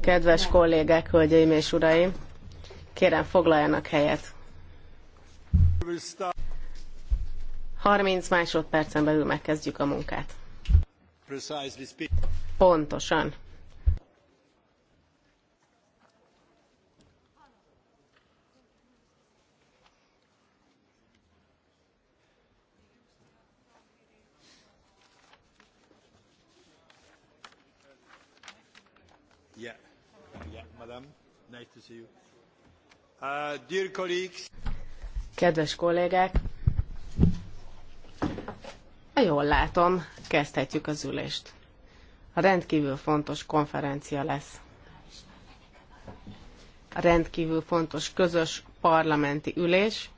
Kedves kollégák, hölgyeim és uraim, kérem foglaljanak helyet. 30 másodpercen belül megkezdjük a munkát. Pontosan. Uh, Kedves kollégák! Jól látom, kezdhetjük az ülést. A rendkívül fontos konferencia lesz. A rendkívül fontos közös parlamenti ülés.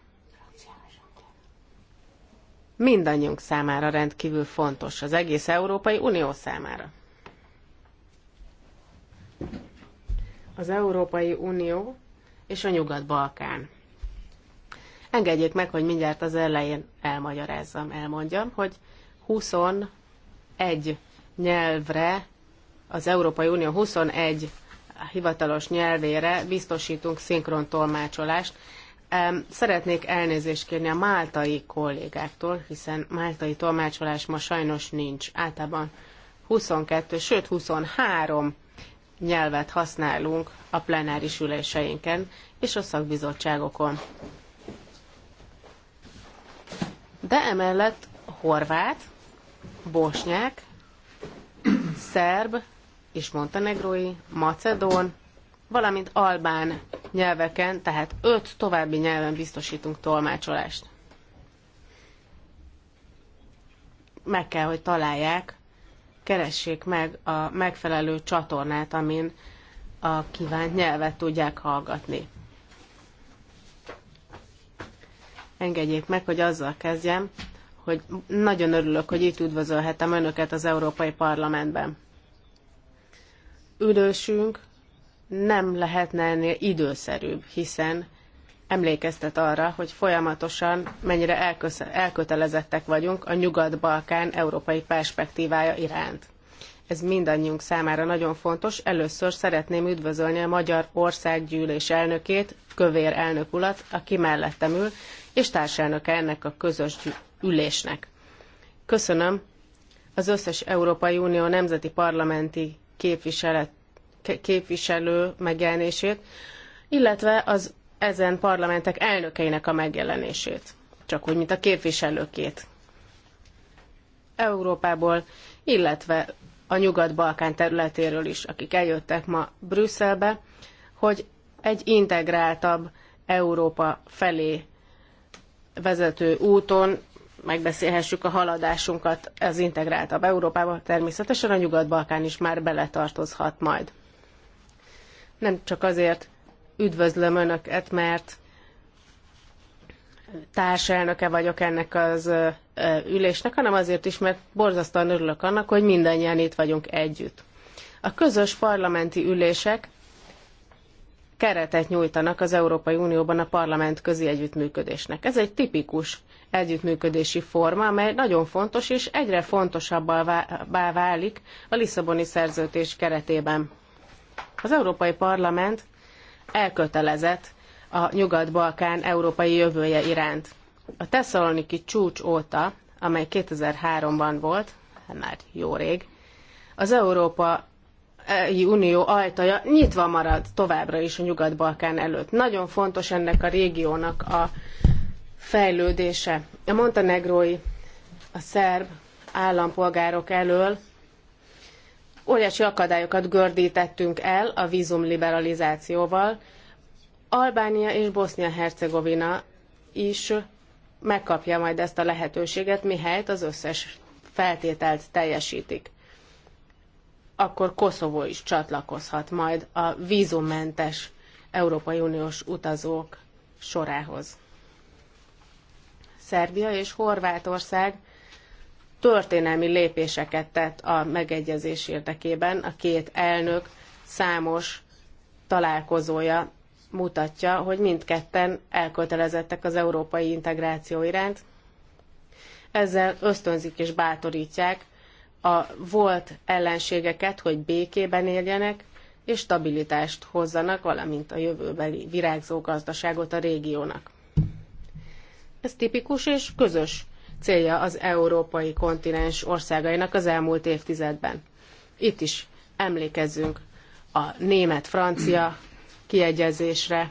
Mindannyiunk számára rendkívül fontos, az egész Európai Unió számára. az Európai Unió és a Nyugat-Balkán. Engedjék meg, hogy mindjárt az elején elmagyarázzam, elmondjam, hogy 21 nyelvre, az Európai Unió 21 hivatalos nyelvére biztosítunk szinkron tolmácsolást. Szeretnék elnézést kérni a máltai kollégáktól, hiszen máltai tolmácsolás ma sajnos nincs. Általában 22, sőt 23 nyelvet használunk a plenáris üléseinken és a szakbizottságokon. De emellett horvát, bosnyák, szerb és montenegrói, macedón, valamint albán nyelveken, tehát öt további nyelven biztosítunk tolmácsolást. Meg kell, hogy találják keressék meg a megfelelő csatornát, amin a kívánt nyelvet tudják hallgatni. Engedjék meg, hogy azzal kezdjem, hogy nagyon örülök, hogy itt üdvözölhetem Önöket az Európai Parlamentben. Ülősünk nem lehetne ennél időszerűbb, hiszen emlékeztet arra, hogy folyamatosan mennyire elkötelezettek vagyunk a Nyugat-Balkán európai perspektívája iránt. Ez mindannyiunk számára nagyon fontos. Először szeretném üdvözölni a Magyar Országgyűlés elnökét, Kövér elnök urat, aki mellettem ül, és társelnöke ennek a közös ülésnek. Köszönöm az összes Európai Unió nemzeti parlamenti képviselet, képviselő megjelenését, illetve az ezen parlamentek elnökeinek a megjelenését, csak úgy, mint a képviselőkét. Európából, illetve a Nyugat-Balkán területéről is, akik eljöttek ma Brüsszelbe, hogy egy integráltabb Európa felé vezető úton megbeszélhessük a haladásunkat az integráltabb Európába, természetesen a Nyugat-Balkán is már beletartozhat majd. Nem csak azért, Üdvözlöm Önöket, mert társelnöke vagyok ennek az ülésnek, hanem azért is, mert borzasztóan örülök annak, hogy mindannyian itt vagyunk együtt. A közös parlamenti ülések keretet nyújtanak az Európai Unióban a parlament közi együttműködésnek. Ez egy tipikus együttműködési forma, amely nagyon fontos és egyre fontosabbá válik a Lisszaboni szerződés keretében. Az Európai Parlament elkötelezett a Nyugat-Balkán európai jövője iránt. A tesszaloniki csúcs óta, amely 2003-ban volt, hát már jó rég, az Európa Unió ajtaja nyitva marad továbbra is a Nyugat-Balkán előtt. Nagyon fontos ennek a régiónak a fejlődése. A montenegrói, a szerb állampolgárok elől óriási akadályokat gördítettünk el a vízumliberalizációval. Albánia és Bosznia-Hercegovina is megkapja majd ezt a lehetőséget, mihelyt az összes feltételt teljesítik. Akkor Koszovó is csatlakozhat majd a vízummentes Európai Uniós utazók sorához. Szerbia és Horvátország történelmi lépéseket tett a megegyezés érdekében. A két elnök számos találkozója mutatja, hogy mindketten elkötelezettek az európai integráció iránt. Ezzel ösztönzik és bátorítják a volt ellenségeket, hogy békében éljenek, és stabilitást hozzanak, valamint a jövőbeli virágzó gazdaságot a régiónak. Ez tipikus és közös célja az európai kontinens országainak az elmúlt évtizedben. Itt is emlékezzünk a német-francia kiegyezésre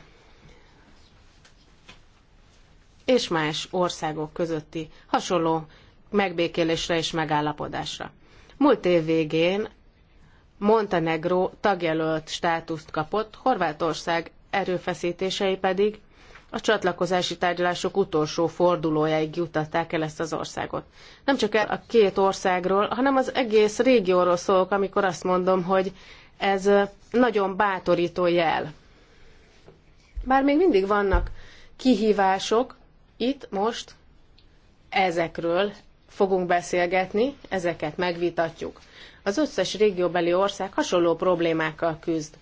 és más országok közötti hasonló megbékélésre és megállapodásra. Múlt év végén Montenegro tagjelölt státuszt kapott, Horvátország erőfeszítései pedig a csatlakozási tárgyalások utolsó fordulójáig juttatták el ezt az országot. Nem csak el a két országról, hanem az egész régióról szólok, amikor azt mondom, hogy ez nagyon bátorító jel. Bár még mindig vannak kihívások, itt most ezekről fogunk beszélgetni, ezeket megvitatjuk. Az összes régióbeli ország hasonló problémákkal küzd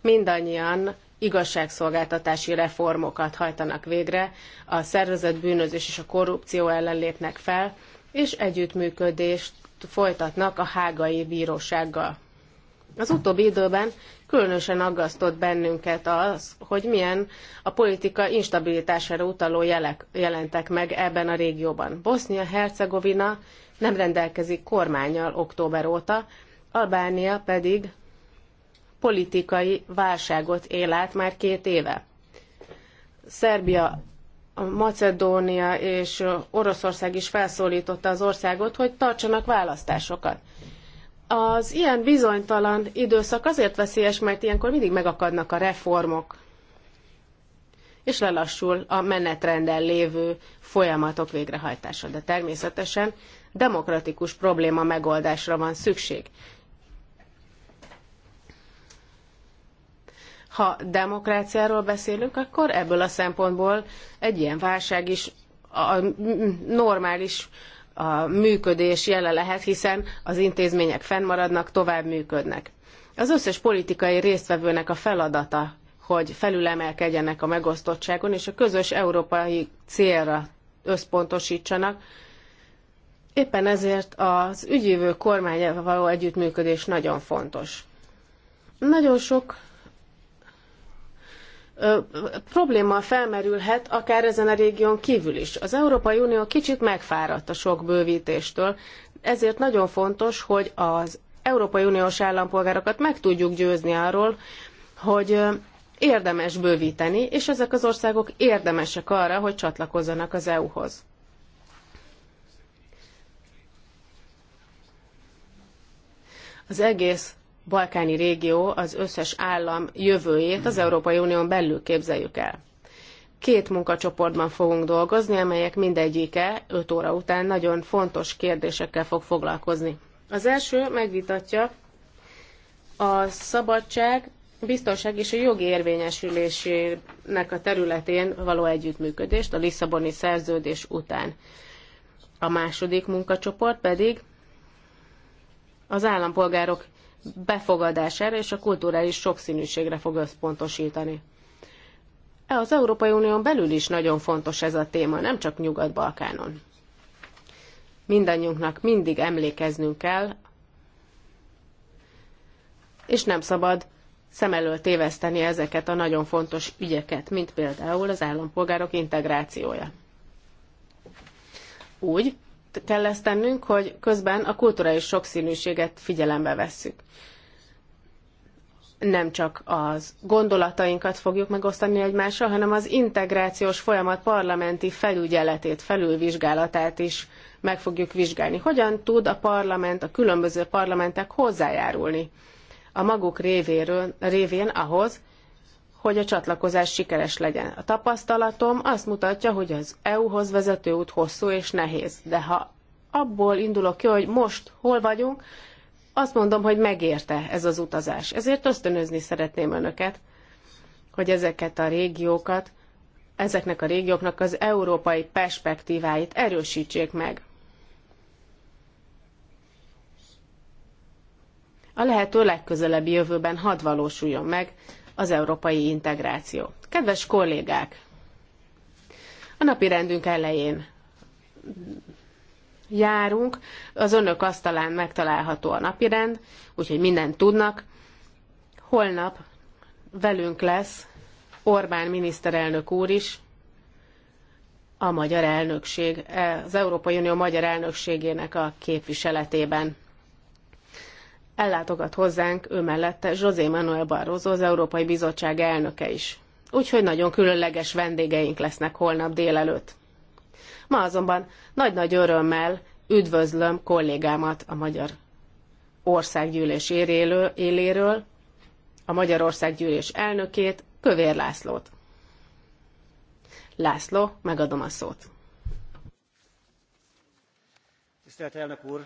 mindannyian igazságszolgáltatási reformokat hajtanak végre, a szervezett bűnözés és a korrupció ellen lépnek fel, és együttműködést folytatnak a hágai bírósággal. Az utóbbi időben különösen aggasztott bennünket az, hogy milyen a politika instabilitására utaló jelek jelentek meg ebben a régióban. Bosznia-Hercegovina nem rendelkezik kormányjal október óta, Albánia pedig politikai válságot él át már két éve. Szerbia, Macedónia és Oroszország is felszólította az országot, hogy tartsanak választásokat. Az ilyen bizonytalan időszak azért veszélyes, mert ilyenkor mindig megakadnak a reformok, és lelassul a menetrenden lévő folyamatok végrehajtása. De természetesen demokratikus probléma megoldásra van szükség. Ha demokráciáról beszélünk, akkor ebből a szempontból egy ilyen válság is a normális a működés jele lehet, hiszen az intézmények fennmaradnak, tovább működnek. Az összes politikai résztvevőnek a feladata, hogy felülemelkedjenek a megosztottságon, és a közös európai célra összpontosítsanak. Éppen ezért az ügyívő kormányával való együttműködés nagyon fontos. Nagyon sok probléma felmerülhet akár ezen a régión kívül is. Az Európai Unió kicsit megfáradt a sok bővítéstől, ezért nagyon fontos, hogy az Európai Uniós állampolgárokat meg tudjuk győzni arról, hogy érdemes bővíteni, és ezek az országok érdemesek arra, hogy csatlakozzanak az EU-hoz. Az egész balkáni régió, az összes állam jövőjét az Európai Unión belül képzeljük el. Két munkacsoportban fogunk dolgozni, amelyek mindegyike 5 óra után nagyon fontos kérdésekkel fog foglalkozni. Az első megvitatja a szabadság, biztonság és a jogi érvényesülésének a területén való együttműködést a Lisszaboni szerződés után. A második munkacsoport pedig az állampolgárok befogadására és a kulturális sokszínűségre fog összpontosítani. E az Európai Unión belül is nagyon fontos ez a téma, nem csak Nyugat-Balkánon. Mindannyiunknak mindig emlékeznünk kell, és nem szabad szem elől téveszteni ezeket a nagyon fontos ügyeket, mint például az állampolgárok integrációja. Úgy, kell ezt tennünk, hogy közben a kulturális sokszínűséget figyelembe vesszük. Nem csak az gondolatainkat fogjuk megosztani egymással, hanem az integrációs folyamat parlamenti felügyeletét, felülvizsgálatát is meg fogjuk vizsgálni. Hogyan tud a parlament, a különböző parlamentek hozzájárulni a maguk révéről, révén ahhoz, hogy a csatlakozás sikeres legyen. A tapasztalatom azt mutatja, hogy az EU-hoz vezető út hosszú és nehéz, de ha abból indulok ki, hogy most hol vagyunk, azt mondom, hogy megérte ez az utazás. Ezért ösztönözni szeretném önöket, hogy ezeket a régiókat, ezeknek a régióknak az európai perspektíváit erősítsék meg. A lehető legközelebbi jövőben hadd valósuljon meg, az európai integráció. Kedves kollégák! A napi rendünk elején járunk, az önök asztalán megtalálható a napirend, úgyhogy mindent tudnak. Holnap velünk lesz Orbán miniszterelnök úr is, a magyar elnökség, az Európai Unió magyar elnökségének a képviseletében ellátogat hozzánk ő mellette José Manuel Barroso, az Európai Bizottság elnöke is. Úgyhogy nagyon különleges vendégeink lesznek holnap délelőtt. Ma azonban nagy-nagy örömmel üdvözlöm kollégámat a Magyar Országgyűlés éléről, a Magyar Országgyűlés elnökét, Kövér Lászlót. László, megadom a szót. Tisztelt elnök úr,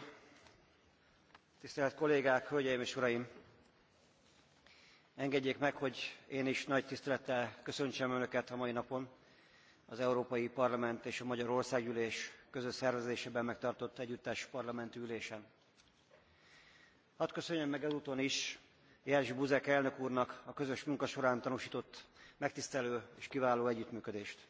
Tisztelt kollégák, hölgyeim és uraim! Engedjék meg, hogy én is nagy tisztelettel köszöntsem Önöket a mai napon az Európai Parlament és a Magyar Országgyűlés közös szervezésében megtartott együttes parlamenti ülésen. Hadd köszönjem meg ezúton is Jerzy Buzek elnök úrnak a közös munka során tanúsított megtisztelő és kiváló együttműködést.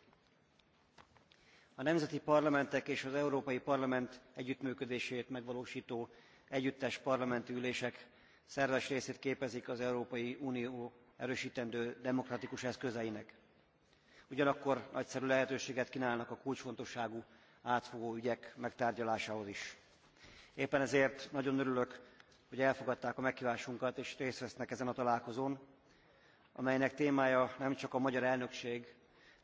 A nemzeti parlamentek és az Európai Parlament együttműködését megvalósító együttes parlamenti ülések szerves részét képezik az európai unió erőstendő demokratikus eszközeinek. ugyanakkor nagyszerű lehetőséget knálnak a kulcsfontosságú átfogó ügyek megtárgyalásához is. éppen ezért nagyon örülök hogy elfogadták a meghvásunkat és részt vesznek ezen a találkozón amelynek témája nemcsak a magyar elnökség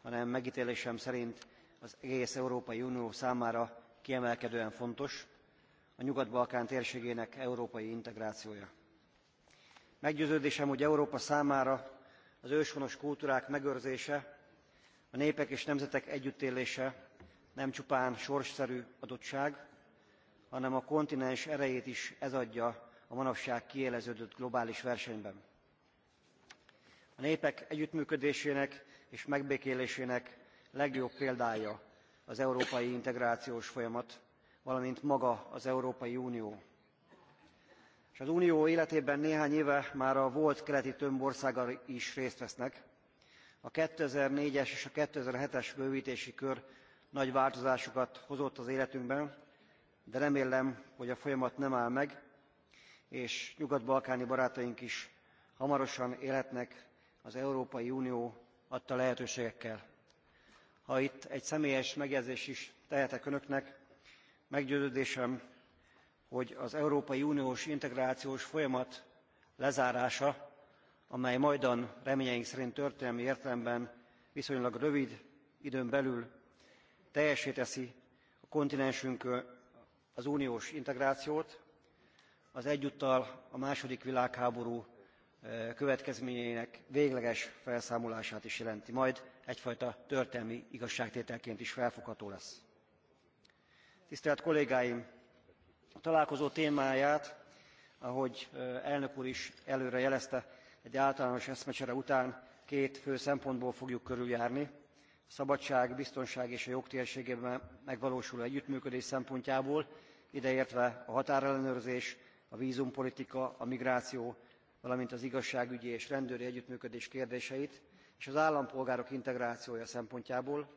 hanem megtélésem szerint az egész európai unió számára kiemelkedően fontos a nyugat balkán térségének európai integrációja. meggyőződésem hogy európa számára az őshonos kultúrák megőrzése a népek és nemzetek együttélése nem csupán sorsszerű adottság hanem a kontinens erejét is ez adja a manapság kiéleződött globális versenyben. a népek együttműködésének és megbékélésének legjobb példája az európai integrációs folyamat valamint maga az európai unió. s az unió életében néhány éve már a volt keleti tömb országai is részt vesznek. a two thousand and four es és a two thousand and seven es bővtési kör nagy változásokat hozott az életünkben de remélem hogy a folyamat nem áll meg és nyugat balkáni barátaink is hamarosan élhetnek az európai unió adta lehetőségekkel. ha itt egy személyes megjegyzést is tehetek önöknek meggyőződésem hogy az európai uniós integrációs folyamat lezárása amely majdan reményeink szerint történelmi értelemben viszonylag rövid időn belül teljessé teszi a kontinensünkön az uniós integrációt az egyúttal a második világháború eh, következményeinek végleges felszámolását is jelenti majd egyfajta történelmi igazságtételként is felfogható lesz tisztelt kollégáim! a találkozó témáját ahogy elnök úr is előre jelezte egy általános eszmecsere után két fő szempontból fogjuk körüljárni a szabadság biztonság és a jog térségében megvalósuló együttműködés szempontjából ideértve a határellenőrzés a vzumpolitika a migráció valamint az igazságügyi és rendőri együttműködés kérdéseit és az állampolgárok integrációja szempontjából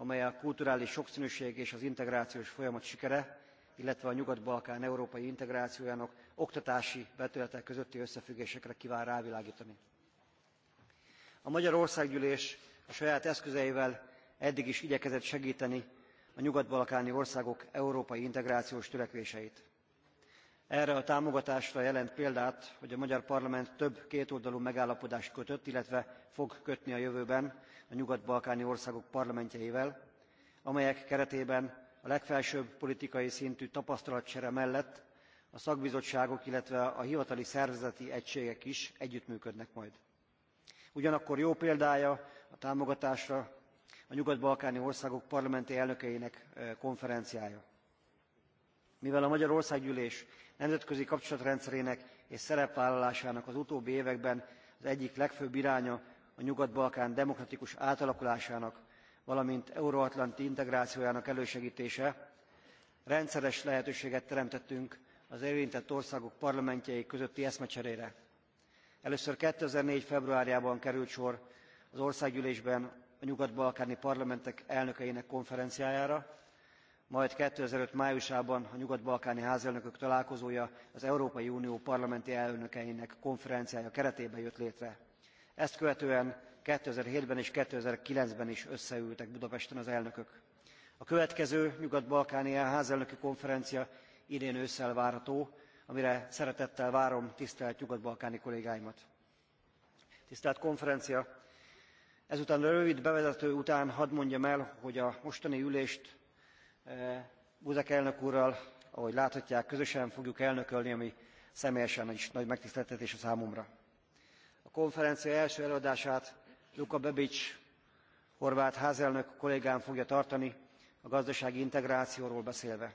amely a kulturális soksznűség és az integrációs folyamat sikere illetve a nyugat balkán európai integrációjának oktatási vetülete közötti összefüggésekre kván rávilágtani. a magyar országgyűlés a saját eszközeivel eddig is igyekezett segteni a nyugat balkáni országok európai integrációs törekvéseit erre a támogatásra jelent példát hogy a magyar parlament több kétoldalú megállapodást kötött illetve fog kötni a jövőben a nyugat balkáni országok parlamentjeivel amelyek keretében a legfelsőbb politikai szintű tapasztalatcsere mellett a szakbizottságok illetve a hivatali szervezeti egységek is együttműködnek majd. ugyanakkor jó példája a támogatásra a nyugat balkáni országok parlamenti elnökeinek eh, konferenciája. mivel a magyar országgyűlés nemzetközi kapcsolatrendszerének és szerepvállalásának az utóbbi években az egyik legfőbb iránya a nyugat balkán demokratikus átalakulásának valamint euroatlanti integrációjának elősegtése rendszeres lehetőséget teremtettünk az érintett országok parlamentjei közötti eszmecserére. először two thousand and four februárjában került sor az országgyűlésben a nyugat balkáni parlamentek elnökeinek konferenciájára majd two thousand and five májusában a nyugat balkáni házelnökök találkozója az európai unió parlamenti elnökeinek konferenciája keretében jött létre. ezt követően two thousand and seven ben és two thousand and nine ben is összeültek budapesten az elnökök. a következő nyugat balkáni házelnöki konferencia idén ősszel várható amire szeretettel várom tisztelt nyugat balkáni kollégáimat. tisztelt konferencia! ezután a rövid bevezető után hadd mondjam el hogy a mostani ülést Eh, buzek elnök úrral ahogy láthatják közösen fogjuk elnökölni ami személyesen is nagy megtiszteltetés számomra. a konferencia első előadását luka bebi horvát házelnök kollégám fogja tartani a gazdasági integrációról beszélve.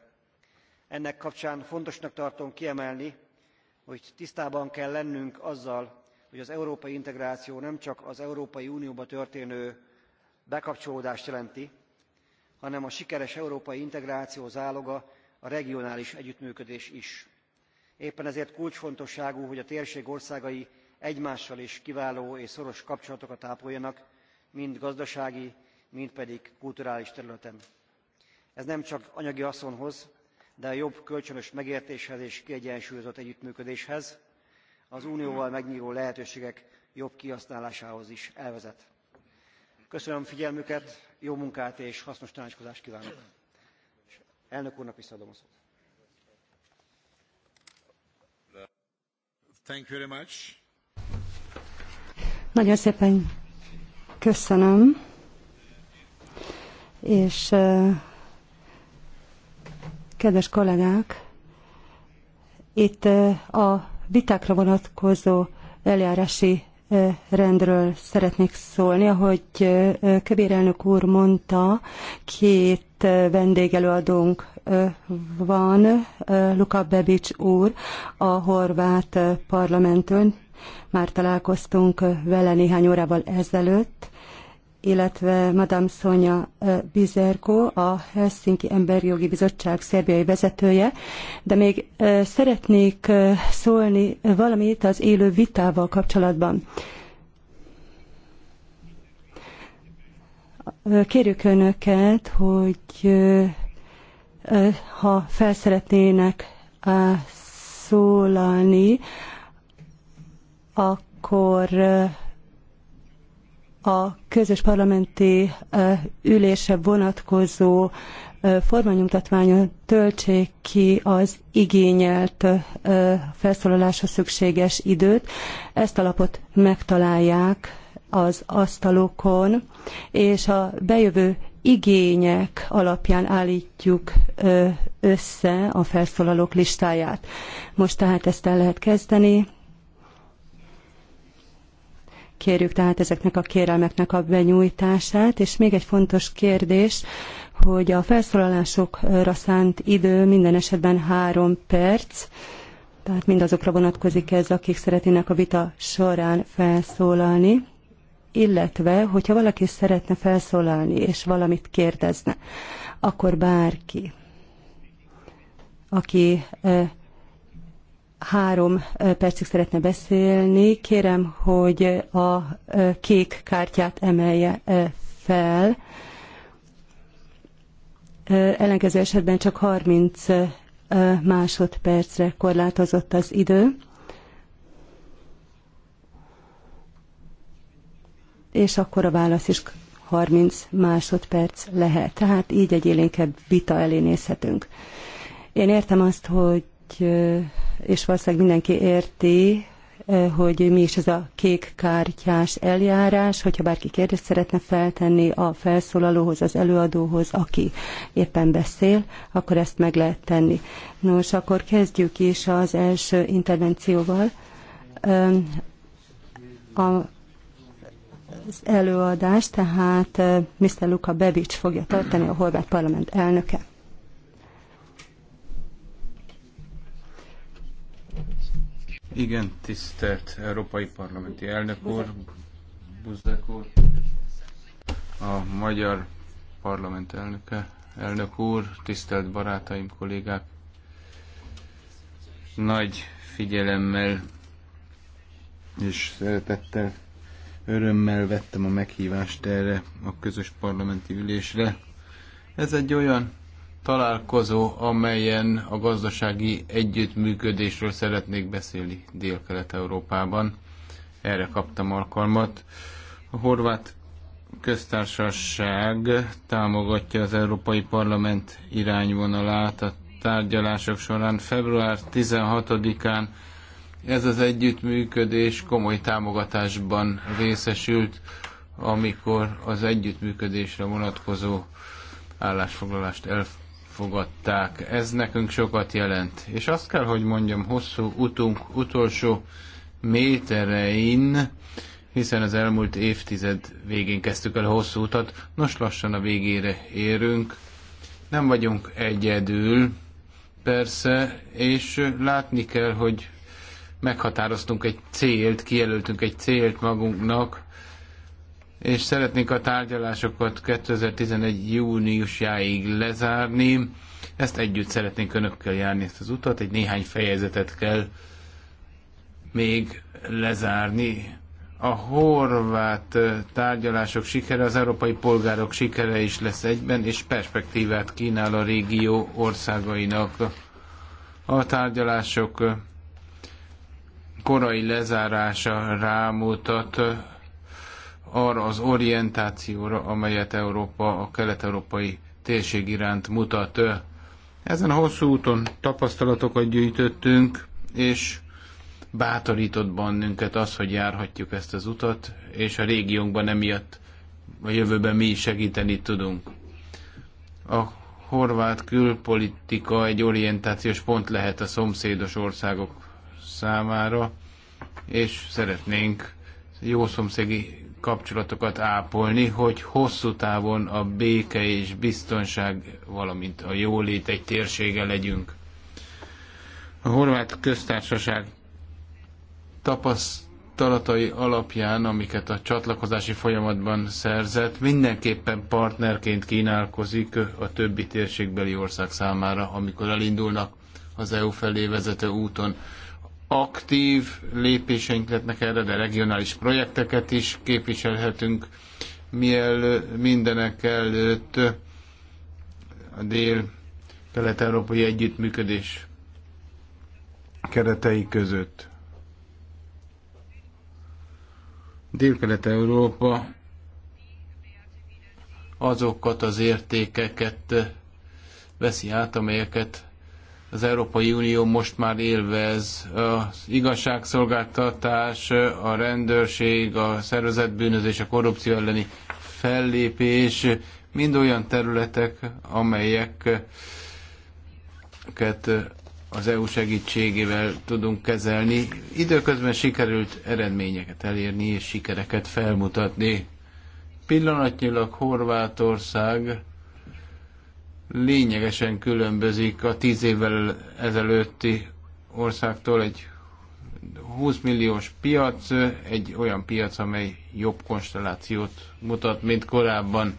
ennek kapcsán fontosnak tartom kiemelni hogy tisztában kell lennünk azzal hogy az európai integráció nem csak az európai unióba történő bekapcsolódást jelenti hanem a sikeres európai integráció záloga a regionális együttműködés is. éppen ezért kulcsfontosságú hogy a térség országai egymással is kiváló és szoros kapcsolatokat ápoljanak mind gazdasági mind pedig kulturális területen. ez nem csak anyagi haszonhoz de a jobb kölcsönös megértéshez és kiegyensúlyozott együttműködéshez az unióval megnyló lehetőségek jobb kihasználásához is elvezet. Köszönöm figyelmüket, jó munkát és hasznos tanácskozást kívánok. És elnök úrnak visszaadom a szót. Thank you very much. Nagyon szépen köszönöm, és uh, kedves kollégák, itt uh, a vitákra vonatkozó eljárási rendről szeretnék szólni. Ahogy Kövér elnök úr mondta, két vendégelőadónk van, Luka Bebics úr, a horvát parlamentön. Már találkoztunk vele néhány órával ezelőtt, illetve Madame Sonja Bizerko, a Helsinki Emberjogi Bizottság szerbiai vezetője, de még szeretnék szólni valamit az élő vitával kapcsolatban. Kérjük Önöket, hogy ha felszeretnének szólalni, akkor a közös parlamenti ülése vonatkozó formanyomtatványon töltsék ki az igényelt felszólaláshoz szükséges időt. Ezt a lapot megtalálják az asztalokon, és a bejövő igények alapján állítjuk össze a felszólalók listáját. Most tehát ezt el lehet kezdeni kérjük tehát ezeknek a kérelmeknek a benyújtását, és még egy fontos kérdés, hogy a felszólalásokra szánt idő minden esetben három perc, tehát mindazokra vonatkozik ez, akik szeretnének a vita során felszólalni, illetve, hogyha valaki szeretne felszólalni és valamit kérdezne, akkor bárki, aki eh, három percig szeretne beszélni. Kérem, hogy a kék kártyát emelje fel. Ellenkező esetben csak 30 másodpercre korlátozott az idő. És akkor a válasz is 30 másodperc lehet. Tehát így egy élénkebb vita elé nézhetünk. Én értem azt, hogy és valószínűleg mindenki érti, eh, hogy mi is ez a kék kártyás eljárás, hogyha bárki kérdést szeretne feltenni a felszólalóhoz, az előadóhoz, aki éppen beszél, akkor ezt meg lehet tenni. Nos, akkor kezdjük is az első intervencióval. A az előadást, tehát eh, Mr. Luka Bebics fogja tartani, a horvát parlament elnöke. Igen, tisztelt Európai Parlamenti Elnök úr, Buzek úr, a Magyar Parlament elnöke, elnök úr, tisztelt barátaim, kollégák, nagy figyelemmel és szeretettel, örömmel vettem a meghívást erre a közös parlamenti ülésre. Ez egy olyan találkozó, amelyen a gazdasági együttműködésről szeretnék beszélni Dél-Kelet-Európában. Erre kaptam alkalmat. A horvát köztársaság támogatja az Európai Parlament irányvonalát a tárgyalások során. Február 16-án ez az együttműködés komoly támogatásban részesült, amikor az együttműködésre vonatkozó állásfoglalást elfogadott fogadták. Ez nekünk sokat jelent. És azt kell, hogy mondjam, hosszú utunk utolsó méterein, hiszen az elmúlt évtized végén kezdtük el a hosszú utat, nos lassan a végére érünk. Nem vagyunk egyedül, persze, és látni kell, hogy meghatároztunk egy célt, kijelöltünk egy célt magunknak, és szeretnénk a tárgyalásokat 2011. júniusjáig lezárni. Ezt együtt szeretnénk önökkel járni ezt az utat, egy néhány fejezetet kell még lezárni. A horvát tárgyalások sikere, az európai polgárok sikere is lesz egyben, és perspektívát kínál a régió országainak. A tárgyalások korai lezárása rámutat arra az orientációra, amelyet Európa a kelet-európai térség iránt mutat. Ezen a hosszú úton tapasztalatokat gyűjtöttünk, és bátorított bennünket az, hogy járhatjuk ezt az utat, és a régiónkban emiatt a jövőben mi is segíteni tudunk. A horvát külpolitika egy orientációs pont lehet a szomszédos országok számára, és szeretnénk jó szomszédi kapcsolatokat ápolni, hogy hosszú távon a béke és biztonság, valamint a jólét egy térsége legyünk. A horvát köztársaság tapasztalatai alapján, amiket a csatlakozási folyamatban szerzett, mindenképpen partnerként kínálkozik a többi térségbeli ország számára, amikor elindulnak az EU felé vezető úton aktív lépéseink lettnek erre, de regionális projekteket is képviselhetünk. Mielőtt mindenek előtt a dél-kelet-európai együttműködés keretei között. Dél-kelet-európa azokat az értékeket veszi át, amelyeket az Európai Unió most már élvez. Az igazságszolgáltatás, a rendőrség, a szervezetbűnözés, a korrupció elleni fellépés mind olyan területek, amelyeket az EU segítségével tudunk kezelni. Időközben sikerült eredményeket elérni és sikereket felmutatni. Pillanatnyilag Horvátország lényegesen különbözik a tíz évvel ezelőtti országtól egy 20 milliós piac, egy olyan piac, amely jobb konstellációt mutat, mint korábban.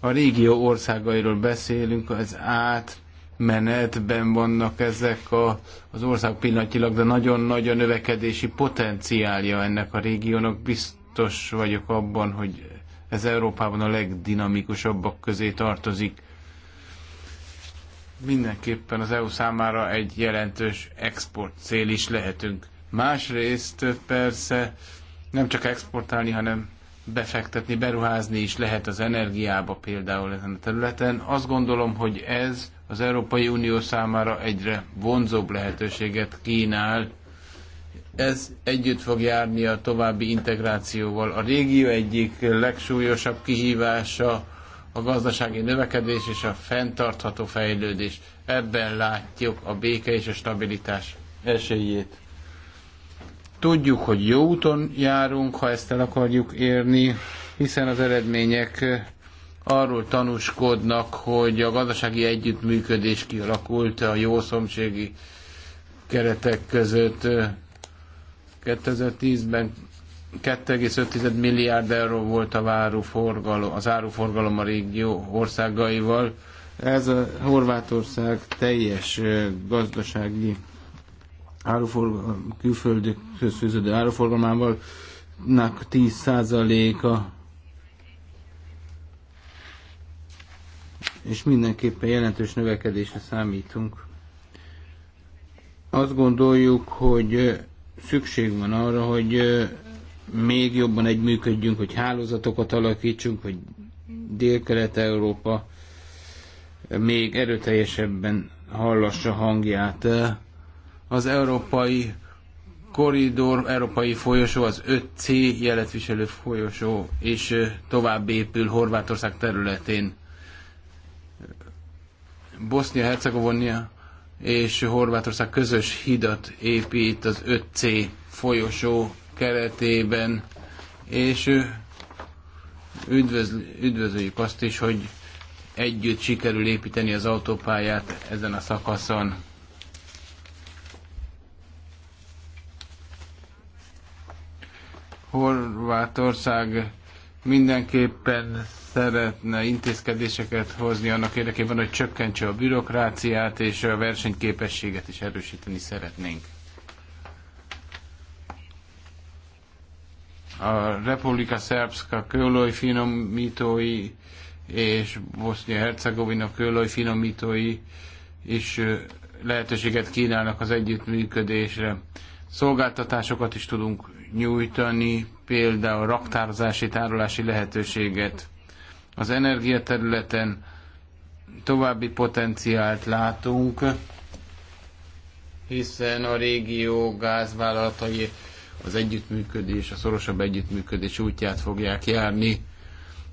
A régió országairól beszélünk, az átmenetben vannak ezek a, az ország pillanatilag, de nagyon nagy a növekedési potenciálja ennek a régiónak. Biztos vagyok abban, hogy ez Európában a legdinamikusabbak közé tartozik mindenképpen az EU számára egy jelentős export cél is lehetünk. Másrészt persze nem csak exportálni, hanem befektetni, beruházni is lehet az energiába például ezen a területen. Azt gondolom, hogy ez az Európai Unió számára egyre vonzóbb lehetőséget kínál. Ez együtt fog járni a további integrációval. A régió egyik legsúlyosabb kihívása a gazdasági növekedés és a fenntartható fejlődés. Ebben látjuk a béke és a stabilitás esélyét. Tudjuk, hogy jó úton járunk, ha ezt el akarjuk érni, hiszen az eredmények arról tanúskodnak, hogy a gazdasági együttműködés kialakult a jó szomszégi keretek között. 2010-ben 2,5 milliárd euró volt a forgalom, az áruforgalom a régió országaival. Ez a Horvátország teljes gazdasági áruforgalom, külföldökhöz fűződő áruforgalmával 10%-a és mindenképpen jelentős növekedésre számítunk. Azt gondoljuk, hogy szükség van arra, hogy még jobban együttműködjünk, hogy hálózatokat alakítsunk, hogy Dél-Kelet-Európa még erőteljesebben hallassa hangját. Az európai koridor, európai folyosó, az 5C jeletviselő folyosó, és tovább épül Horvátország területén. Bosznia-Hercegovina és Horvátország közös hidat épít az 5C folyosó keretében, és üdvözl, üdvözöljük azt is, hogy együtt sikerül építeni az autópályát ezen a szakaszon. Horvátország mindenképpen szeretne intézkedéseket hozni annak érdekében, hogy csökkentse a bürokráciát és a versenyképességet is erősíteni szeretnénk. a Republika Szerbszka kőolaj finomítói és Bosznia-Hercegovina kőolaj finomítói is lehetőséget kínálnak az együttműködésre. Szolgáltatásokat is tudunk nyújtani, például raktározási, tárolási lehetőséget. Az energiaterületen további potenciált látunk, hiszen a régió gázvállalatai az együttműködés, a szorosabb együttműködés útját fogják járni.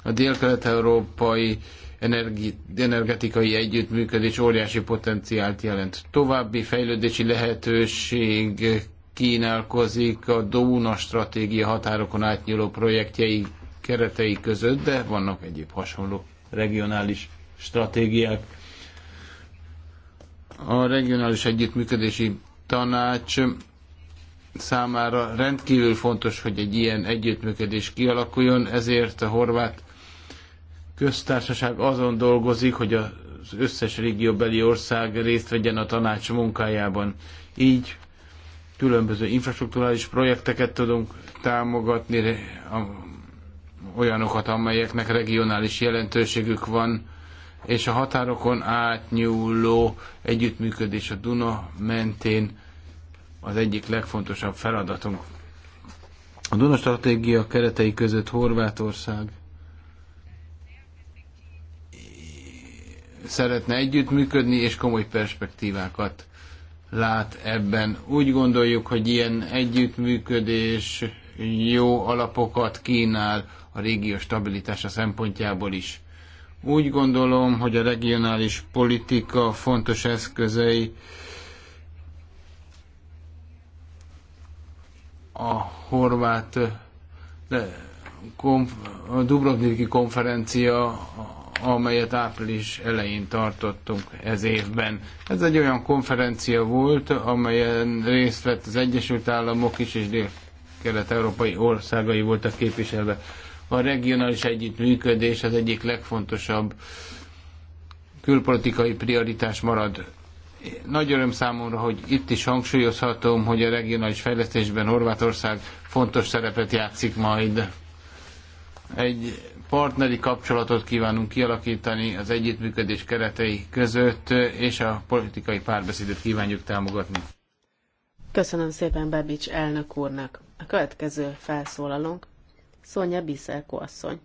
A dél-kelet-európai energetikai együttműködés óriási potenciált jelent. További fejlődési lehetőség kínálkozik a Dóna stratégia határokon átnyúló projektjei keretei között, de vannak egyéb hasonló regionális stratégiák. A regionális együttműködési tanács számára rendkívül fontos, hogy egy ilyen együttműködés kialakuljon, ezért a horvát köztársaság azon dolgozik, hogy az összes régióbeli ország részt vegyen a tanács munkájában. Így különböző infrastruktúrális projekteket tudunk támogatni, olyanokat, amelyeknek regionális jelentőségük van, és a határokon átnyúló együttműködés a Duna mentén az egyik legfontosabb feladatunk. A Duna stratégia keretei között Horvátország szeretne együttműködni, és komoly perspektívákat lát ebben. Úgy gondoljuk, hogy ilyen együttműködés jó alapokat kínál a régió stabilitása szempontjából is. Úgy gondolom, hogy a regionális politika fontos eszközei a horvát de, konf, a Dubrovniki konferencia, amelyet április elején tartottunk ez évben. Ez egy olyan konferencia volt, amelyen részt vett az Egyesült Államok is, és dél-kelet-európai országai voltak képviselve. A regionális együttműködés az egyik legfontosabb külpolitikai prioritás marad nagy öröm számomra, hogy itt is hangsúlyozhatom, hogy a regionális fejlesztésben Horvátország fontos szerepet játszik majd. Egy partneri kapcsolatot kívánunk kialakítani az együttműködés keretei között, és a politikai párbeszédet kívánjuk támogatni. Köszönöm szépen Bebics elnök úrnak. A következő felszólalónk Szonya Biszelko asszony,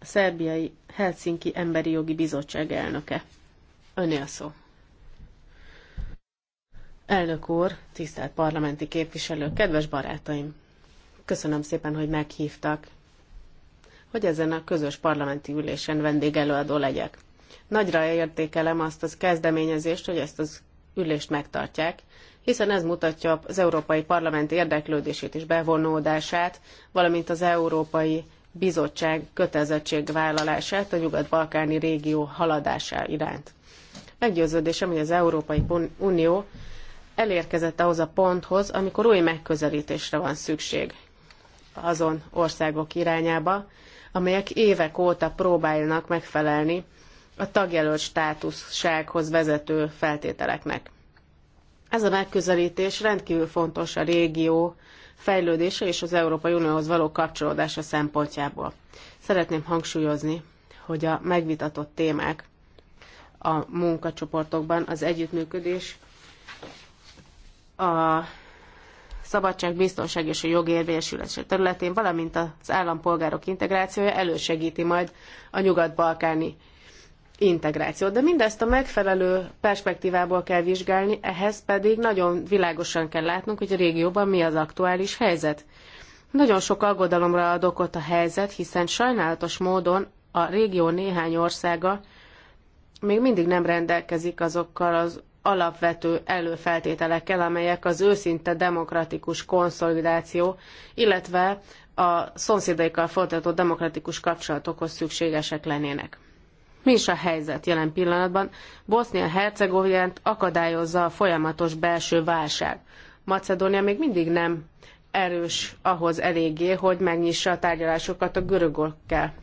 a szerbiai Helsinki Emberi Jogi Bizottság elnöke. a szó. Elnök úr, tisztelt parlamenti képviselők, kedves barátaim! Köszönöm szépen, hogy meghívtak, hogy ezen a közös parlamenti ülésen vendégelőadó legyek. Nagyra értékelem azt az kezdeményezést, hogy ezt az ülést megtartják, hiszen ez mutatja az Európai Parlament érdeklődését és bevonódását, valamint az Európai Bizottság kötelezettségvállalását a nyugat-balkáni régió haladása iránt. Meggyőződésem, hogy az Európai Unió elérkezett ahhoz a ponthoz, amikor új megközelítésre van szükség azon országok irányába, amelyek évek óta próbálnak megfelelni a tagjelölt státussághoz vezető feltételeknek. Ez a megközelítés rendkívül fontos a régió fejlődése és az Európai Unióhoz való kapcsolódása szempontjából. Szeretném hangsúlyozni, hogy a megvitatott témák a munkacsoportokban az együttműködés a szabadság, biztonság és a jog érvényesülése területén, valamint az állampolgárok integrációja elősegíti majd a nyugat-balkáni integrációt. De mindezt a megfelelő perspektívából kell vizsgálni, ehhez pedig nagyon világosan kell látnunk, hogy a régióban mi az aktuális helyzet. Nagyon sok aggodalomra ad okot a helyzet, hiszen sajnálatos módon a régió néhány országa még mindig nem rendelkezik azokkal az alapvető előfeltételekkel, amelyek az őszinte demokratikus konszolidáció, illetve a szomszédaikkal folytatott demokratikus kapcsolatokhoz szükségesek lennének. Mi is a helyzet jelen pillanatban? Bosznia-Hercegovinát akadályozza a folyamatos belső válság. Macedónia még mindig nem erős ahhoz eléggé, hogy megnyissa a tárgyalásokat a görögökkel.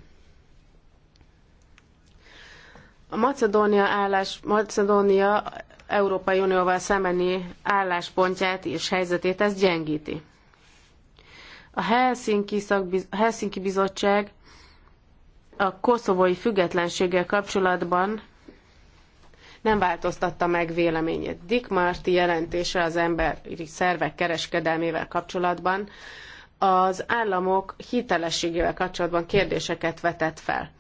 A Macedónia állás, Macedónia Európai Unióval szembeni álláspontját és helyzetét ez gyengíti. A Helsinki, szakbiz- Helsinki Bizottság a koszovói függetlenséggel kapcsolatban nem változtatta meg véleményét. Dick Marty jelentése az emberi szervek kereskedelmével kapcsolatban az államok hitelességével kapcsolatban kérdéseket vetett fel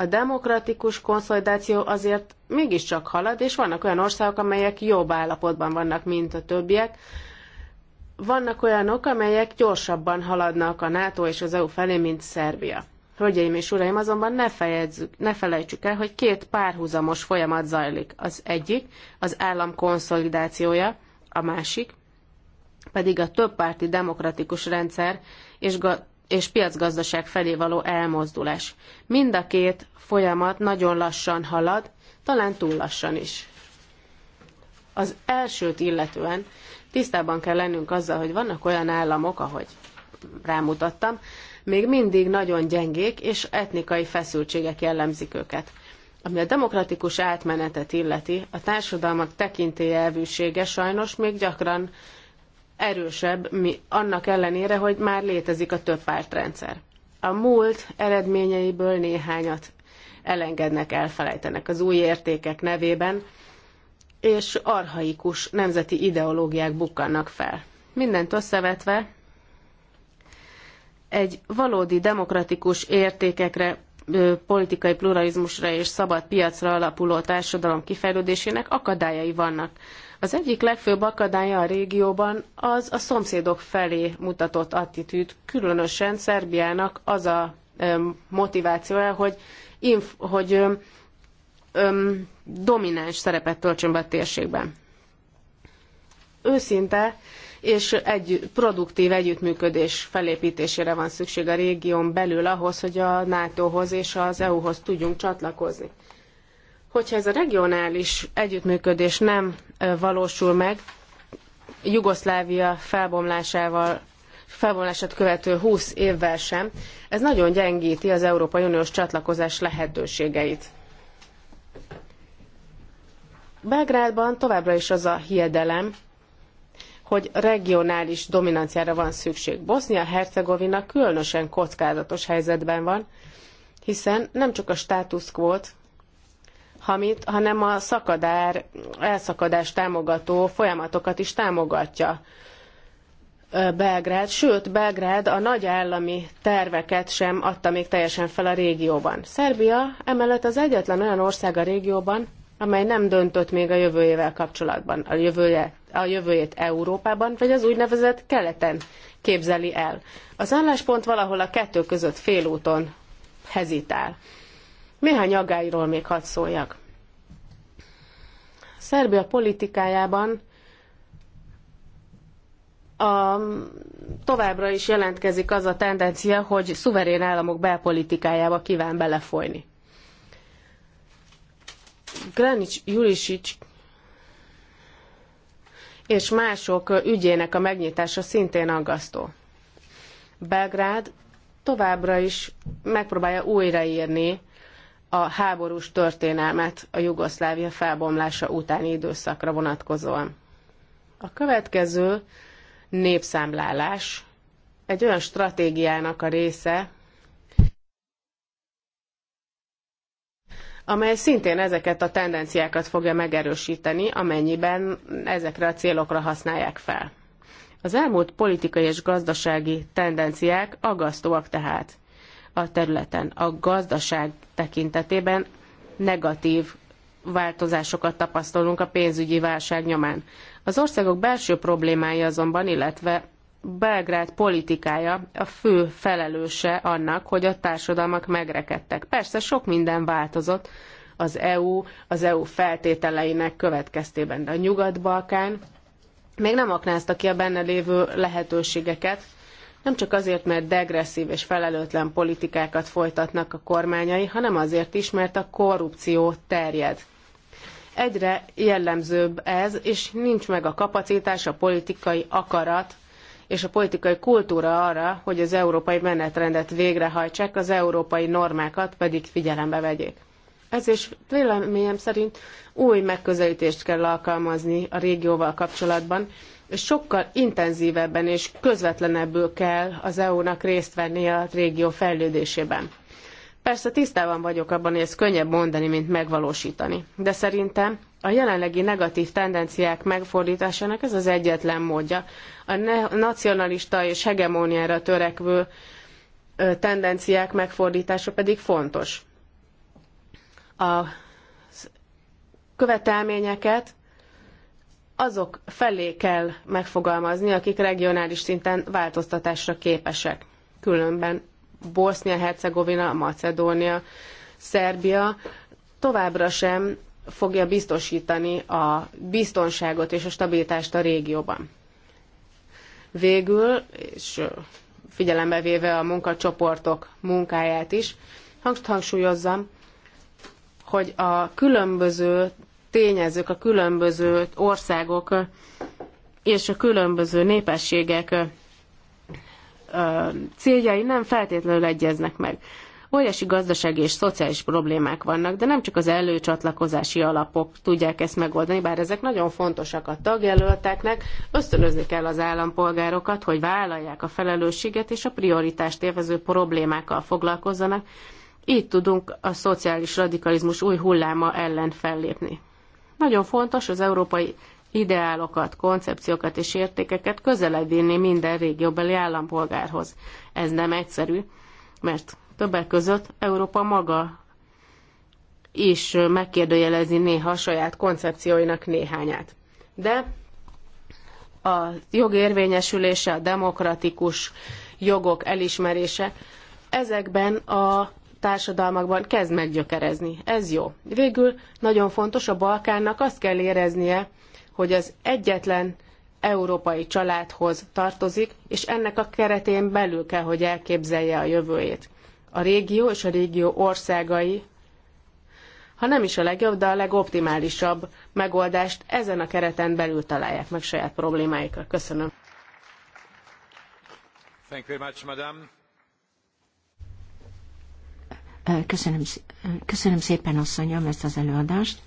a demokratikus konszolidáció azért mégiscsak halad, és vannak olyan országok, amelyek jobb állapotban vannak, mint a többiek. Vannak olyanok, amelyek gyorsabban haladnak a NATO és az EU felé, mint Szerbia. Hölgyeim és uraim, azonban ne, fejezzük, ne felejtsük el, hogy két párhuzamos folyamat zajlik. Az egyik az állam konszolidációja, a másik pedig a többpárti demokratikus rendszer és és piacgazdaság felé való elmozdulás. Mind a két folyamat nagyon lassan halad, talán túl lassan is. Az elsőt illetően tisztában kell lennünk azzal, hogy vannak olyan államok, ahogy rámutattam, még mindig nagyon gyengék, és etnikai feszültségek jellemzik őket. Ami a demokratikus átmenetet illeti, a társadalmak tekintélyelvűsége sajnos még gyakran erősebb, mi, annak ellenére, hogy már létezik a több A múlt eredményeiből néhányat elengednek, elfelejtenek az új értékek nevében, és arhaikus nemzeti ideológiák bukkannak fel. Mindent összevetve egy valódi demokratikus értékekre, politikai pluralizmusra és szabad piacra alapuló társadalom kifejlődésének akadályai vannak. Az egyik legfőbb akadálya a régióban az a szomszédok felé mutatott attitűd, különösen Szerbiának az a motivációja, hogy, inf, hogy öm, öm, domináns szerepet töltsön be a térségben. Őszinte és egy produktív együttműködés felépítésére van szükség a régión belül ahhoz, hogy a NATO-hoz és az EU-hoz tudjunk csatlakozni hogyha ez a regionális együttműködés nem valósul meg, Jugoszlávia felbomlásával felvonását követő 20 évvel sem, ez nagyon gyengíti az Európai Uniós csatlakozás lehetőségeit. Belgrádban továbbra is az a hiedelem, hogy regionális dominanciára van szükség. Bosznia-Hercegovina különösen kockázatos helyzetben van, hiszen nem csak a státusz volt, hamit, hanem a szakadár, elszakadást támogató folyamatokat is támogatja. Belgrád, sőt, Belgrád a nagy állami terveket sem adta még teljesen fel a régióban. Szerbia emellett az egyetlen olyan ország a régióban, amely nem döntött még a jövőjével kapcsolatban, a, jövője, a jövőjét Európában, vagy az úgynevezett keleten képzeli el. Az álláspont valahol a kettő között félúton hezitál. Néhány aggályról még hadd szóljak. Szerbia politikájában a, továbbra is jelentkezik az a tendencia, hogy szuverén államok belpolitikájába kíván belefolyni. Granic Julisic és mások ügyének a megnyitása szintén aggasztó. Belgrád továbbra is megpróbálja újraírni a háborús történelmet a Jugoszlávia felbomlása utáni időszakra vonatkozóan. A következő népszámlálás egy olyan stratégiának a része, amely szintén ezeket a tendenciákat fogja megerősíteni, amennyiben ezekre a célokra használják fel. Az elmúlt politikai és gazdasági tendenciák aggasztóak tehát a területen. A gazdaság tekintetében negatív változásokat tapasztalunk a pénzügyi válság nyomán. Az országok belső problémája azonban, illetve Belgrád politikája a fő felelőse annak, hogy a társadalmak megrekedtek. Persze sok minden változott az EU, az EU feltételeinek következtében, de a Nyugat-Balkán még nem aknázta ki a benne lévő lehetőségeket, nem csak azért, mert degresszív és felelőtlen politikákat folytatnak a kormányai, hanem azért is, mert a korrupció terjed. Egyre jellemzőbb ez, és nincs meg a kapacitás, a politikai akarat és a politikai kultúra arra, hogy az európai menetrendet végrehajtsák, az európai normákat pedig figyelembe vegyék. Ez is véleményem szerint új megközelítést kell alkalmazni a régióval kapcsolatban, sokkal intenzívebben és közvetlenebbül kell az EU-nak részt vennie a régió fejlődésében. Persze tisztában vagyok abban, hogy ez könnyebb mondani, mint megvalósítani. De szerintem a jelenlegi negatív tendenciák megfordításának ez az egyetlen módja. A nacionalista és hegemóniára törekvő tendenciák megfordítása pedig fontos. A követelményeket azok felé kell megfogalmazni, akik regionális szinten változtatásra képesek. Különben Bosznia-Hercegovina, Macedónia, Szerbia továbbra sem fogja biztosítani a biztonságot és a stabilitást a régióban. Végül, és figyelembe véve a munkacsoportok munkáját is, hangsúlyozzam, hogy a különböző tényezők, a különböző országok és a különböző népességek céljai nem feltétlenül egyeznek meg. Óriási gazdasági és szociális problémák vannak, de nem csak az előcsatlakozási alapok tudják ezt megoldani, bár ezek nagyon fontosak a tagjelölteknek. Ösztönözni kell az állampolgárokat, hogy vállalják a felelősséget és a prioritást élvező problémákkal foglalkozzanak. Így tudunk a szociális radikalizmus új hulláma ellen fellépni. Nagyon fontos az európai ideálokat, koncepciókat és értékeket közelebb vinni minden régióbeli állampolgárhoz. Ez nem egyszerű, mert többek között Európa maga is megkérdőjelezi néha a saját koncepcióinak néhányát. De a jog érvényesülése, a demokratikus jogok elismerése ezekben a társadalmakban kezd meggyökerezni. Ez jó. Végül nagyon fontos, a Balkánnak azt kell éreznie, hogy az egyetlen európai családhoz tartozik, és ennek a keretén belül kell, hogy elképzelje a jövőjét. A régió és a régió országai, ha nem is a legjobb, de a legoptimálisabb megoldást ezen a kereten belül találják meg saját problémáikra. Köszönöm. Thank you very much, madame. Köszönöm, köszönöm szépen, asszonyom, ezt az előadást.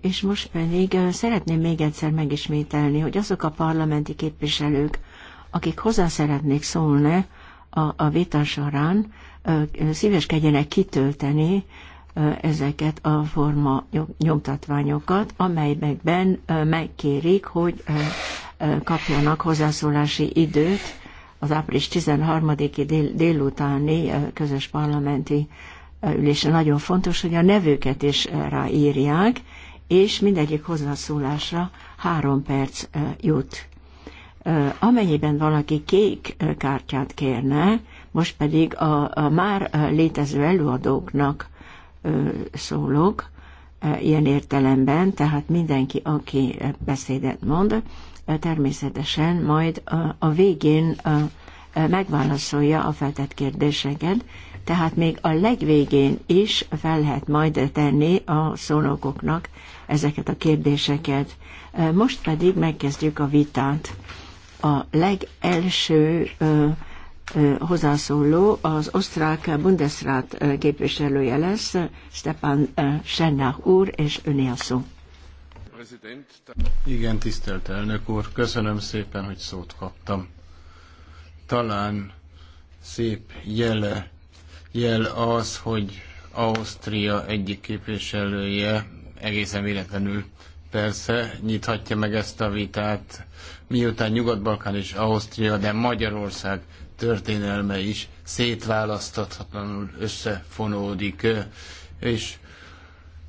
És most pedig szeretném még egyszer megismételni, hogy azok a parlamenti képviselők, akik hozzá szeretnék szólni a, a vita során, szíveskedjenek kitölteni ezeket a forma nyomtatványokat, amelyekben megkérik, hogy kapjanak hozzászólási időt az április 13-i dél, délutáni közös parlamenti ülésen nagyon fontos, hogy a nevőket is ráírják, és mindegyik hozzászólásra három perc jut. Amennyiben valaki kék kártyát kérne, most pedig a, a már létező előadóknak szólok, ilyen értelemben, tehát mindenki, aki beszédet mond, természetesen majd a, a végén megválaszolja a feltett kérdéseket, tehát még a legvégén is fel lehet majd tenni a szónokoknak ezeket a kérdéseket. Most pedig megkezdjük a vitát. A legelső ö, ö, hozzászóló az osztrák Bundesrat képviselője lesz, Stepan Sennach úr, és öné a szó. Igen, tisztelt elnök úr, köszönöm szépen, hogy szót kaptam. Talán szép jele jel az, hogy Ausztria egyik képviselője egészen véletlenül persze nyithatja meg ezt a vitát, miután Nyugat-Balkán és Ausztria, de Magyarország történelme is szétválasztathatlanul összefonódik, és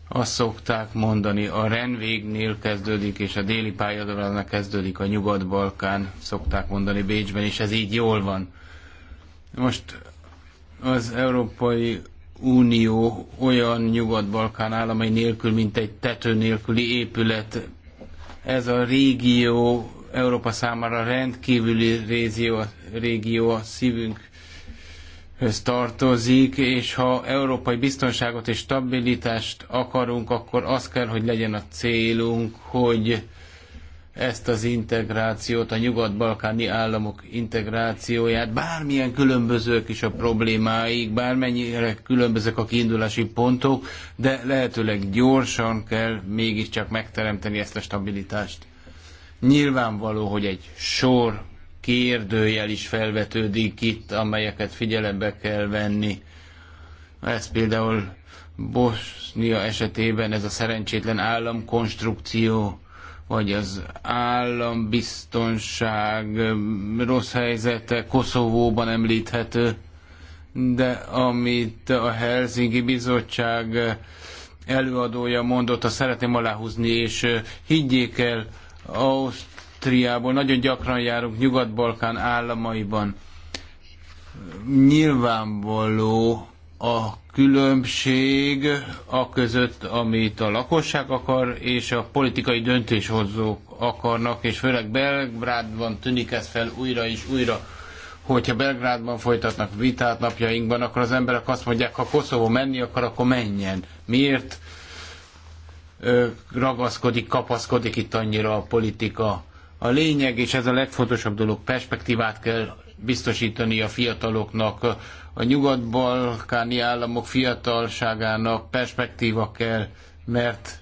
azt szokták mondani, a Renvégnél kezdődik, és a déli pályadalánál kezdődik a Nyugat-Balkán, szokták mondani Bécsben, és ez így jól van. Most az Európai Unió olyan nyugat-balkán államai nélkül, mint egy tető nélküli épület. Ez a régió Európa számára rendkívüli régió, régió a szívünk tartozik, és ha európai biztonságot és stabilitást akarunk, akkor az kell, hogy legyen a célunk, hogy ezt az integrációt, a nyugat-balkáni államok integrációját, bármilyen különbözők is a problémáik, bármennyire különbözők a kiindulási pontok, de lehetőleg gyorsan kell mégiscsak megteremteni ezt a stabilitást. Nyilvánvaló, hogy egy sor kérdőjel is felvetődik itt, amelyeket figyelembe kell venni. Ez például Bosznia esetében ez a szerencsétlen államkonstrukció, vagy az állambiztonság rossz helyzete Koszovóban említhető, de amit a Helsinki Bizottság előadója mondott, azt szeretném aláhúzni, és higgyék el, Ausztriából nagyon gyakran járunk Nyugat-Balkán államaiban. Nyilvánvaló, a különbség a között, amit a lakosság akar, és a politikai döntéshozók akarnak, és főleg Belgrádban tűnik ez fel újra és újra. Hogyha Belgrádban folytatnak vitát napjainkban, akkor az emberek azt mondják, ha Koszovó menni akar, akkor menjen. Miért ragaszkodik, kapaszkodik itt annyira a politika? A lényeg, és ez a legfontosabb dolog, perspektívát kell biztosítani a fiataloknak. A nyugat-balkáni államok fiatalságának perspektíva kell, mert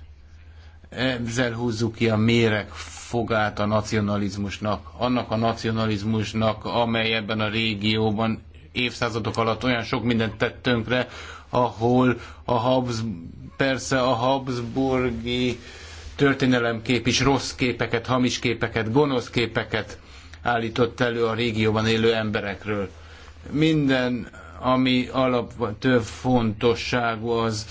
ezzel húzzuk ki a méreg fogát a nacionalizmusnak, annak a nacionalizmusnak, amely ebben a régióban évszázadok alatt olyan sok mindent tett tönkre, ahol a Habs, persze a Habsburgi történelemkép is rossz képeket, hamis képeket, gonosz képeket állított elő a régióban élő emberekről. Minden, ami alapvető fontosságú, az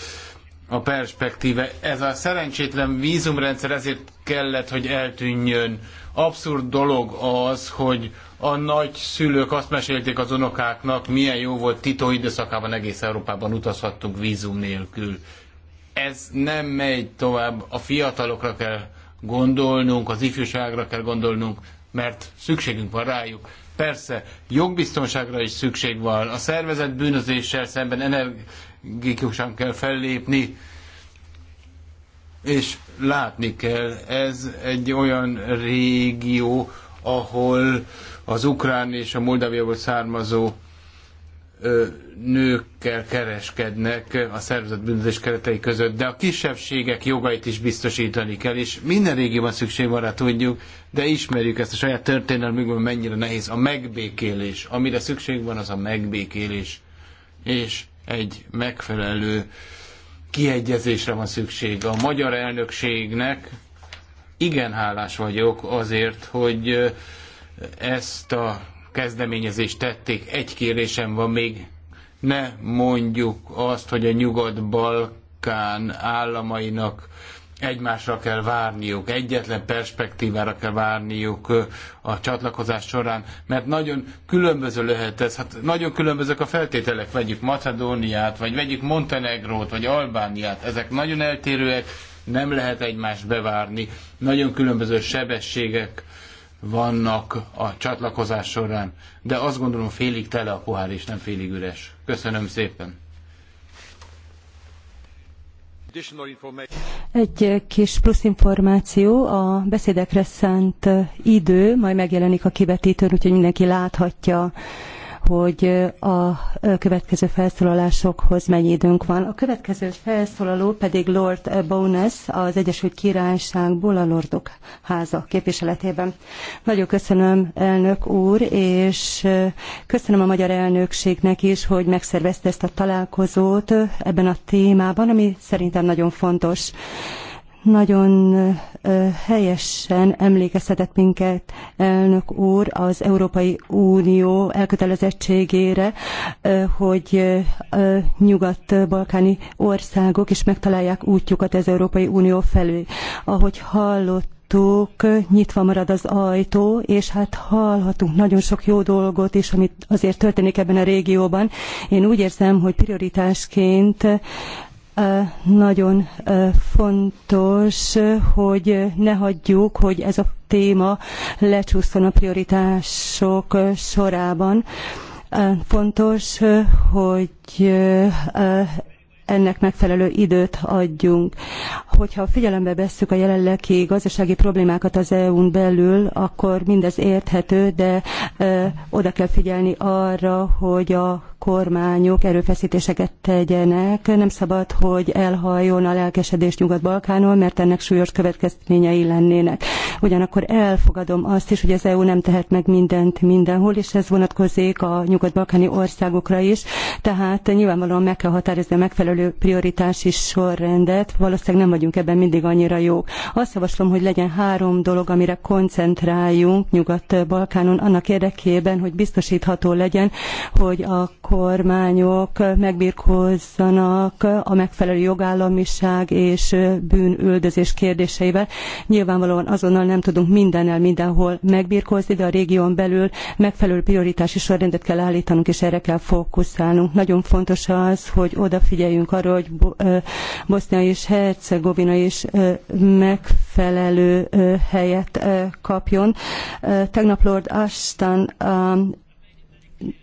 a perspektíve. Ez a szerencsétlen vízumrendszer ezért kellett, hogy eltűnjön. Abszurd dolog az, hogy a nagy szülők azt mesélték az unokáknak, milyen jó volt Tito időszakában egész Európában utazhattunk vízum nélkül. Ez nem megy tovább, a fiatalokra kell gondolnunk, az ifjúságra kell gondolnunk, mert szükségünk van rájuk. Persze, jogbiztonságra is szükség van. A szervezet bűnözéssel szemben energikusan kell fellépni, és látni kell, ez egy olyan régió, ahol az ukrán és a Moldáviából származó nőkkel kereskednek a szervezetbűnözés keretei között, de a kisebbségek jogait is biztosítani kell, és minden régióban szükség van rá, tudjuk, de ismerjük ezt a saját történelmünkben, mennyire nehéz a megbékélés. Amire szükség van, az a megbékélés, és egy megfelelő kiegyezésre van szükség. A magyar elnökségnek igen hálás vagyok azért, hogy ezt a kezdeményezést tették. Egy kérésem van még, ne mondjuk azt, hogy a Nyugat-Balkán államainak egymásra kell várniuk, egyetlen perspektívára kell várniuk a csatlakozás során, mert nagyon különböző lehet ez, hát nagyon különbözők a feltételek, vegyük Macedóniát, vagy vegyük Montenegrót, vagy Albániát, ezek nagyon eltérőek, nem lehet egymást bevárni, nagyon különböző sebességek vannak a csatlakozás során, de azt gondolom félig tele a pohár és nem félig üres. Köszönöm szépen! Egy kis plusz információ, a beszédekre szánt idő majd megjelenik a kivetítőn, úgyhogy mindenki láthatja hogy a következő felszólalásokhoz mennyi időnk van. A következő felszólaló pedig Lord Bowness, az Egyesült Királyságból a Lordok háza képviseletében. Nagyon köszönöm elnök úr, és köszönöm a magyar elnökségnek is, hogy megszervezte ezt a találkozót ebben a témában, ami szerintem nagyon fontos. Nagyon helyesen emlékeztetett minket elnök úr az Európai Unió elkötelezettségére, hogy nyugat-balkáni országok is megtalálják útjukat az Európai Unió felé. Ahogy hallott hallottuk, nyitva marad az ajtó, és hát hallhatunk nagyon sok jó dolgot is, amit azért történik ebben a régióban. Én úgy érzem, hogy prioritásként nagyon fontos, hogy ne hagyjuk, hogy ez a téma lecsúszson a prioritások sorában. Fontos, hogy ennek megfelelő időt adjunk. Hogyha figyelembe vesszük a jelenlegi gazdasági problémákat az EU-n belül, akkor mindez érthető, de oda kell figyelni arra, hogy a kormányok erőfeszítéseket tegyenek. Nem szabad, hogy elhajjon a lelkesedés Nyugat-Balkánon, mert ennek súlyos következményei lennének. Ugyanakkor elfogadom azt is, hogy az EU nem tehet meg mindent mindenhol, és ez vonatkozik a nyugat-balkáni országokra is, tehát nyilvánvalóan meg kell határozni a megfelelő prioritási sorrendet, valószínűleg nem vagyunk ebben mindig annyira jók. Azt javaslom, hogy legyen három dolog, amire koncentráljunk Nyugat-Balkánon, annak érdekében, hogy biztosítható legyen, hogy a kormányok megbirkózzanak a megfelelő jogállamiság és bűnüldözés kérdéseivel. Nyilvánvalóan azonnal nem tudunk mindennel mindenhol megbirkózni, de a régión belül megfelelő prioritási sorrendet kell állítanunk, és erre kell fókuszálnunk. Nagyon fontos az, hogy odafigyeljünk beszéljünk arról, hogy Bosznia és Hercegovina is megfelelő helyet kapjon. Tegnap Lord Ashton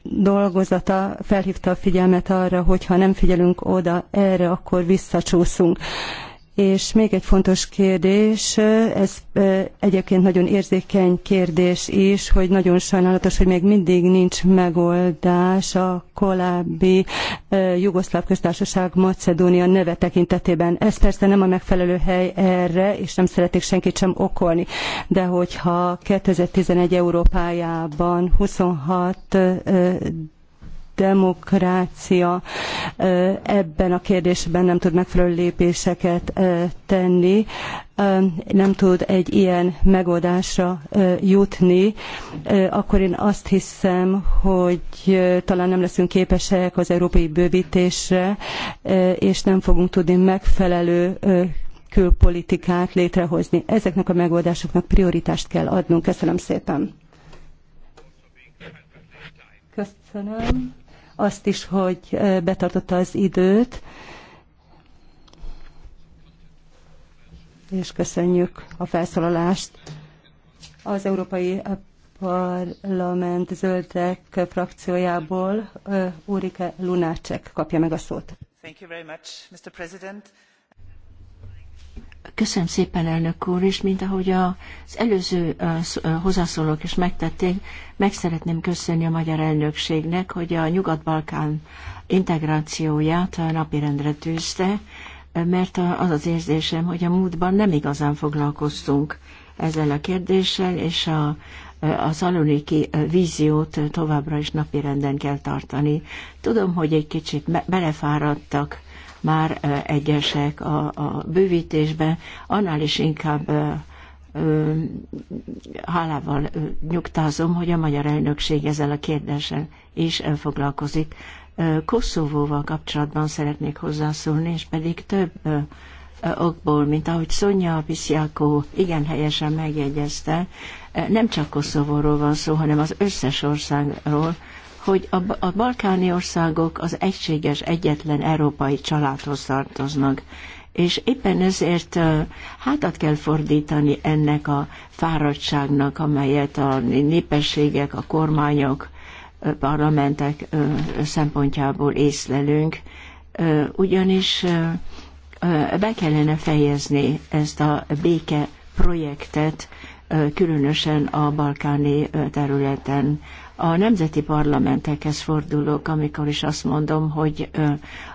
dolgozata felhívta a figyelmet arra, hogy ha nem figyelünk oda erre, akkor visszacsúszunk. És még egy fontos kérdés, ez egyébként nagyon érzékeny kérdés is, hogy nagyon sajnálatos, hogy még mindig nincs megoldás a korábbi Jugoszláv köztársaság Macedónia neve tekintetében. Ez persze nem a megfelelő hely erre, és nem szeretnék senkit sem okolni, de hogyha 2011 Európájában 26 demokrácia ebben a kérdésben nem tud megfelelő lépéseket tenni, nem tud egy ilyen megoldásra jutni, akkor én azt hiszem, hogy talán nem leszünk képesek az európai bővítésre, és nem fogunk tudni megfelelő külpolitikát létrehozni. Ezeknek a megoldásoknak prioritást kell adnunk. Köszönöm szépen. Köszönöm azt is, hogy betartotta az időt, és köszönjük a felszólalást. Az Európai Parlament zöldek frakciójából Úrike Lunácsek kapja meg a szót. Thank you very much, Mr. President. Köszönöm szépen, elnök úr, és mint ahogy az előző hozzászólók is megtették, meg szeretném köszönni a magyar elnökségnek, hogy a Nyugat-Balkán integrációját napirendre tűzte, mert az az érzésem, hogy a múltban nem igazán foglalkoztunk ezzel a kérdéssel, és a, a szaloniki víziót továbbra is napirenden kell tartani. Tudom, hogy egy kicsit belefáradtak már egyesek a, a bővítésbe, annál is inkább hálával nyugtázom, hogy a magyar elnökség ezzel a kérdéssel is foglalkozik. Koszovóval kapcsolatban szeretnék hozzászólni, és pedig több okból, mint ahogy Szonya Pisziákó igen helyesen megjegyezte, nem csak Koszovóról van szó, hanem az összes országról, hogy a, a balkáni országok az egységes, egyetlen európai családhoz tartoznak. És éppen ezért hátat kell fordítani ennek a fáradtságnak, amelyet a népességek, a kormányok, parlamentek szempontjából észlelünk, ugyanis be kellene fejezni ezt a béke projektet, különösen a balkáni területen a nemzeti parlamentekhez fordulok, amikor is azt mondom, hogy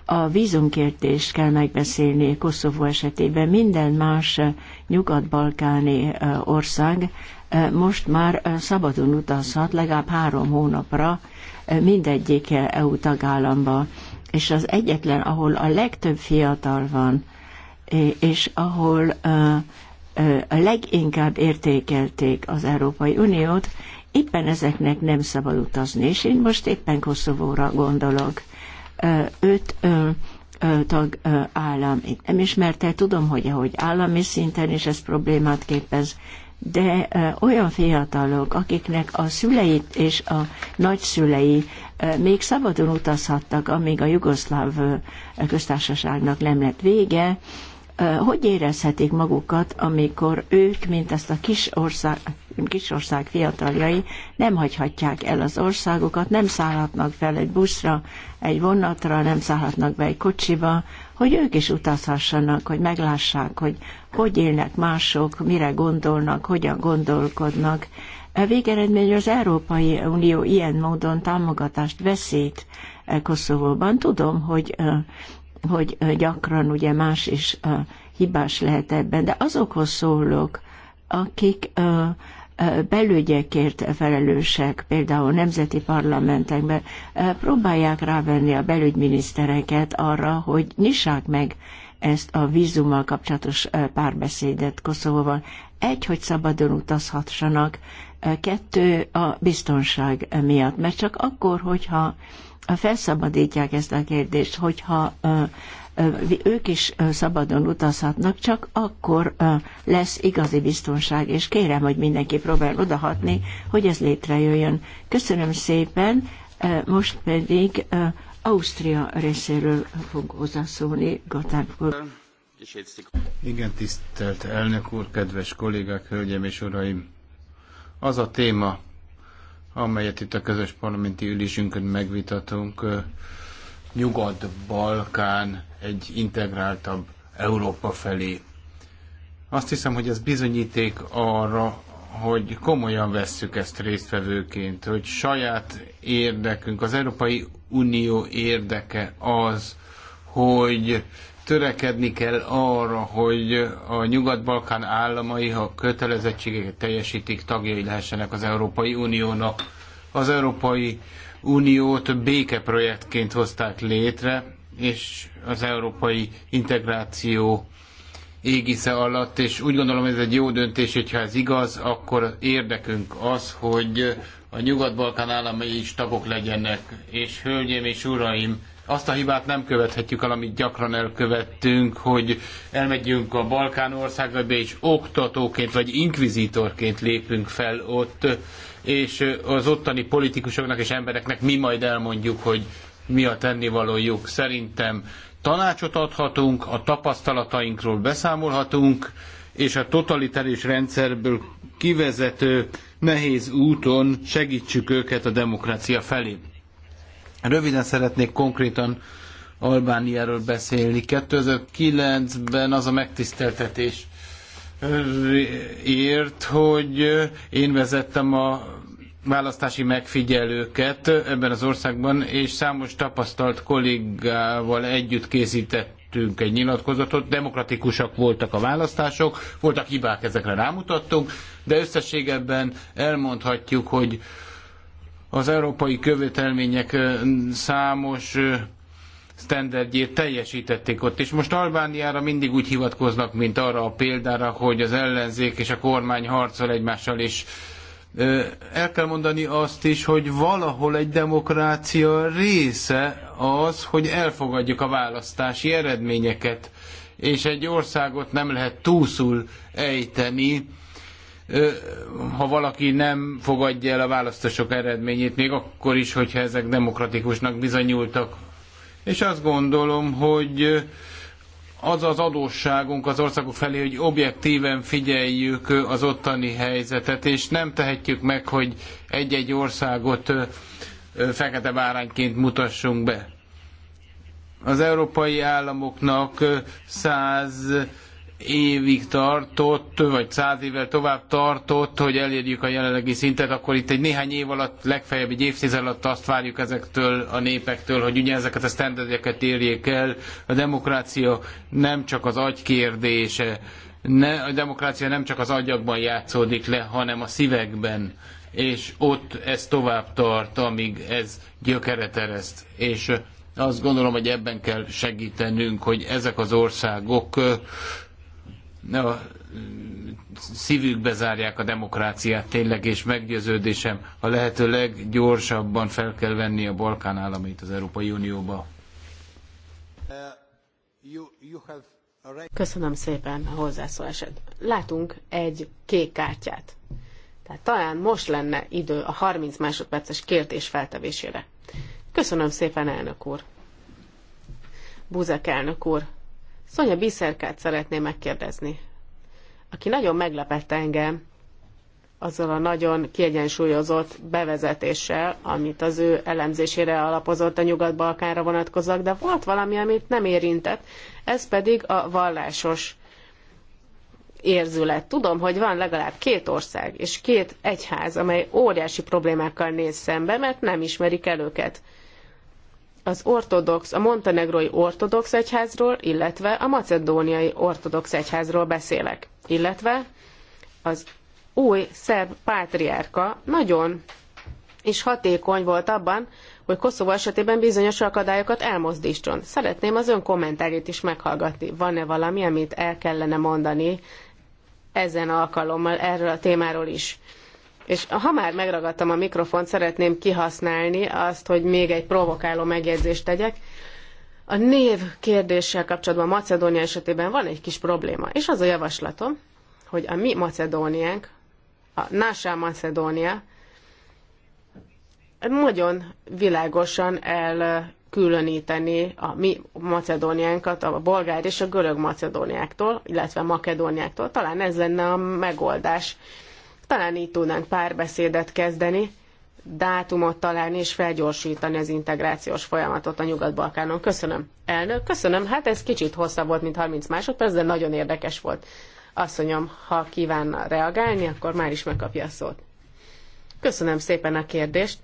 a vízumkértést kell megbeszélni Koszovó esetében. Minden más nyugat-balkáni ország most már szabadon utazhat legalább három hónapra mindegyik EU tagállamba. És az egyetlen, ahol a legtöbb fiatal van, és ahol a leginkább értékelték az Európai Uniót, éppen ezeknek nem szabad utazni, és én most éppen Koszovóra gondolok. Öt ö, ö, tag ö, állam én nem ismerte, tudom, hogy ahogy állami szinten is ez problémát képez, de olyan fiatalok, akiknek a szüleit és a nagyszülei még szabadon utazhattak, amíg a jugoszláv köztársaságnak nem lett vége, hogy érezhetik magukat, amikor ők, mint ezt a kis ország, kisország fiataljai nem hagyhatják el az országokat, nem szállhatnak fel egy buszra, egy vonatra, nem szállhatnak be egy kocsiba, hogy ők is utazhassanak, hogy meglássák, hogy hogy élnek mások, mire gondolnak, hogyan gondolkodnak. A e végeredmény az Európai Unió ilyen módon támogatást veszít e, Koszovóban. Tudom, hogy, e, hogy gyakran ugye más is hibás lehet ebben, de azokhoz szólok, akik belügyekért felelősek, például nemzeti parlamentekben, próbálják rávenni a belügyminisztereket arra, hogy nyissák meg ezt a vízummal kapcsolatos párbeszédet Koszovóval. Egy, hogy szabadon utazhassanak, kettő a biztonság miatt, mert csak akkor, hogyha felszabadítják ezt a kérdést, hogyha ők is szabadon utazhatnak, csak akkor lesz igazi biztonság, és kérem, hogy mindenki próbál odahatni, hogy ez létrejöjjön. Köszönöm szépen, most pedig Ausztria részéről fog hozzászólni Gatán Igen, tisztelt elnök úr, kedves kollégák, hölgyem és uraim! Az a téma, amelyet itt a közös parlamenti ülésünkön megvitatunk, Nyugat-Balkán egy integráltabb Európa felé. Azt hiszem, hogy ez bizonyíték arra, hogy komolyan vesszük ezt résztvevőként, hogy saját érdekünk, az Európai Unió érdeke az, hogy törekedni kell arra, hogy a Nyugat-Balkán államai, ha kötelezettségeket teljesítik, tagjai lehessenek az Európai Uniónak. Az Európai Uniót békeprojektként hozták létre, és az európai integráció égisze alatt, és úgy gondolom ez egy jó döntés, hogyha ez igaz, akkor érdekünk az, hogy a Nyugat-Balkán államai is tagok legyenek, és hölgyeim és uraim, azt a hibát nem követhetjük el, amit gyakran elkövettünk, hogy elmegyünk a Balkán országaiba, és oktatóként vagy inkvizítorként lépünk fel ott, és az ottani politikusoknak és embereknek mi majd elmondjuk, hogy mi a tennivalójuk. Szerintem tanácsot adhatunk, a tapasztalatainkról beszámolhatunk, és a totalitáris rendszerből kivezető nehéz úton segítsük őket a demokrácia felé. Röviden szeretnék konkrétan Albániáról beszélni. 2009-ben az a megtiszteltetés ért, hogy én vezettem a választási megfigyelőket ebben az országban, és számos tapasztalt kollégával együtt készítettünk egy nyilatkozatot, demokratikusak voltak a választások, voltak hibák, ezekre rámutattunk, de összességében elmondhatjuk, hogy az európai követelmények számos sztenderdjét teljesítették ott. És most Albániára mindig úgy hivatkoznak, mint arra a példára, hogy az ellenzék és a kormány harcol egymással, és el kell mondani azt is, hogy valahol egy demokrácia része az, hogy elfogadjuk a választási eredményeket, és egy országot nem lehet túlszul ejteni, ha valaki nem fogadja el a választások eredményét, még akkor is, hogyha ezek demokratikusnak bizonyultak. És azt gondolom, hogy az az adósságunk az országok felé, hogy objektíven figyeljük az ottani helyzetet, és nem tehetjük meg, hogy egy-egy országot fekete bárányként mutassunk be. Az európai államoknak 100 évig tartott, vagy száz évvel tovább tartott, hogy elérjük a jelenlegi szintet, akkor itt egy néhány év alatt, legfeljebb egy évtized alatt azt várjuk ezektől a népektől, hogy ugye ezeket a standardeket érjék el. A demokrácia nem csak az agy kérdése, ne, a demokrácia nem csak az agyakban játszódik le, hanem a szívekben és ott ez tovább tart, amíg ez gyökeret ereszt. És azt gondolom, hogy ebben kell segítenünk, hogy ezek az országok a mm, szívükbe zárják a demokráciát tényleg, és meggyőződésem, a lehető leggyorsabban fel kell venni a Balkán államait az Európai Unióba. Köszönöm szépen a hozzászólásod. Látunk egy kék kártyát. Tehát talán most lenne idő a 30 másodperces kérdés feltevésére. Köszönöm szépen, elnök úr. Buzek elnök úr, Szonya Biszerkát szeretném megkérdezni, aki nagyon meglepett engem azzal a nagyon kiegyensúlyozott bevezetéssel, amit az ő elemzésére alapozott a Nyugat-Balkánra vonatkozak, de volt valami, amit nem érintett, ez pedig a vallásos érzület. Tudom, hogy van legalább két ország és két egyház, amely óriási problémákkal néz szembe, mert nem ismerik el őket az ortodox, a montenegrói ortodox egyházról, illetve a macedóniai ortodox egyházról beszélek. Illetve az új szerb pátriárka nagyon és hatékony volt abban, hogy Koszovó esetében bizonyos akadályokat elmozdítson. Szeretném az ön kommentárját is meghallgatni. Van-e valami, amit el kellene mondani ezen alkalommal erről a témáról is? És ha már megragadtam a mikrofont, szeretném kihasználni azt, hogy még egy provokáló megjegyzést tegyek. A név kérdéssel kapcsolatban Macedónia esetében van egy kis probléma, és az a javaslatom, hogy a mi Macedóniánk, a Nasa Macedónia nagyon világosan elkülöníteni a mi Macedóniánkat a bolgár és a görög Macedóniáktól, illetve Makedóniáktól. Talán ez lenne a megoldás talán így tudnánk párbeszédet kezdeni, dátumot találni és felgyorsítani az integrációs folyamatot a Nyugat-Balkánon. Köszönöm. Elnök, köszönöm. Hát ez kicsit hosszabb volt, mint 30 másodperc, de nagyon érdekes volt. Asszonyom, ha kívánna reagálni, akkor már is megkapja a szót. Köszönöm szépen a kérdést.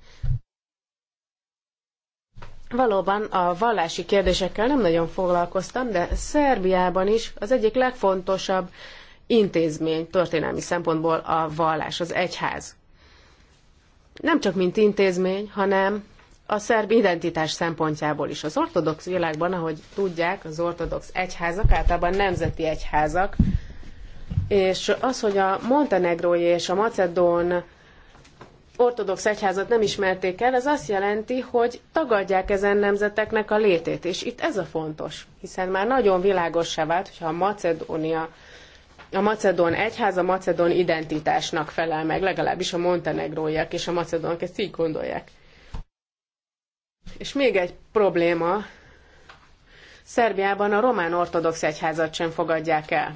Valóban a vallási kérdésekkel nem nagyon foglalkoztam, de Szerbiában is az egyik legfontosabb intézmény történelmi szempontból a vallás, az egyház. Nem csak mint intézmény, hanem a szerb identitás szempontjából is. Az ortodox világban, ahogy tudják, az ortodox egyházak általában nemzeti egyházak, és az, hogy a montenegrói és a macedón ortodox egyházat nem ismerték el, ez azt jelenti, hogy tagadják ezen nemzeteknek a létét, és itt ez a fontos, hiszen már nagyon se vált, hogyha a Macedónia a macedón egyház a macedón identitásnak felel meg, legalábbis a montenegróiak és a macedónok ezt így gondolják. És még egy probléma, Szerbiában a román ortodox egyházat sem fogadják el.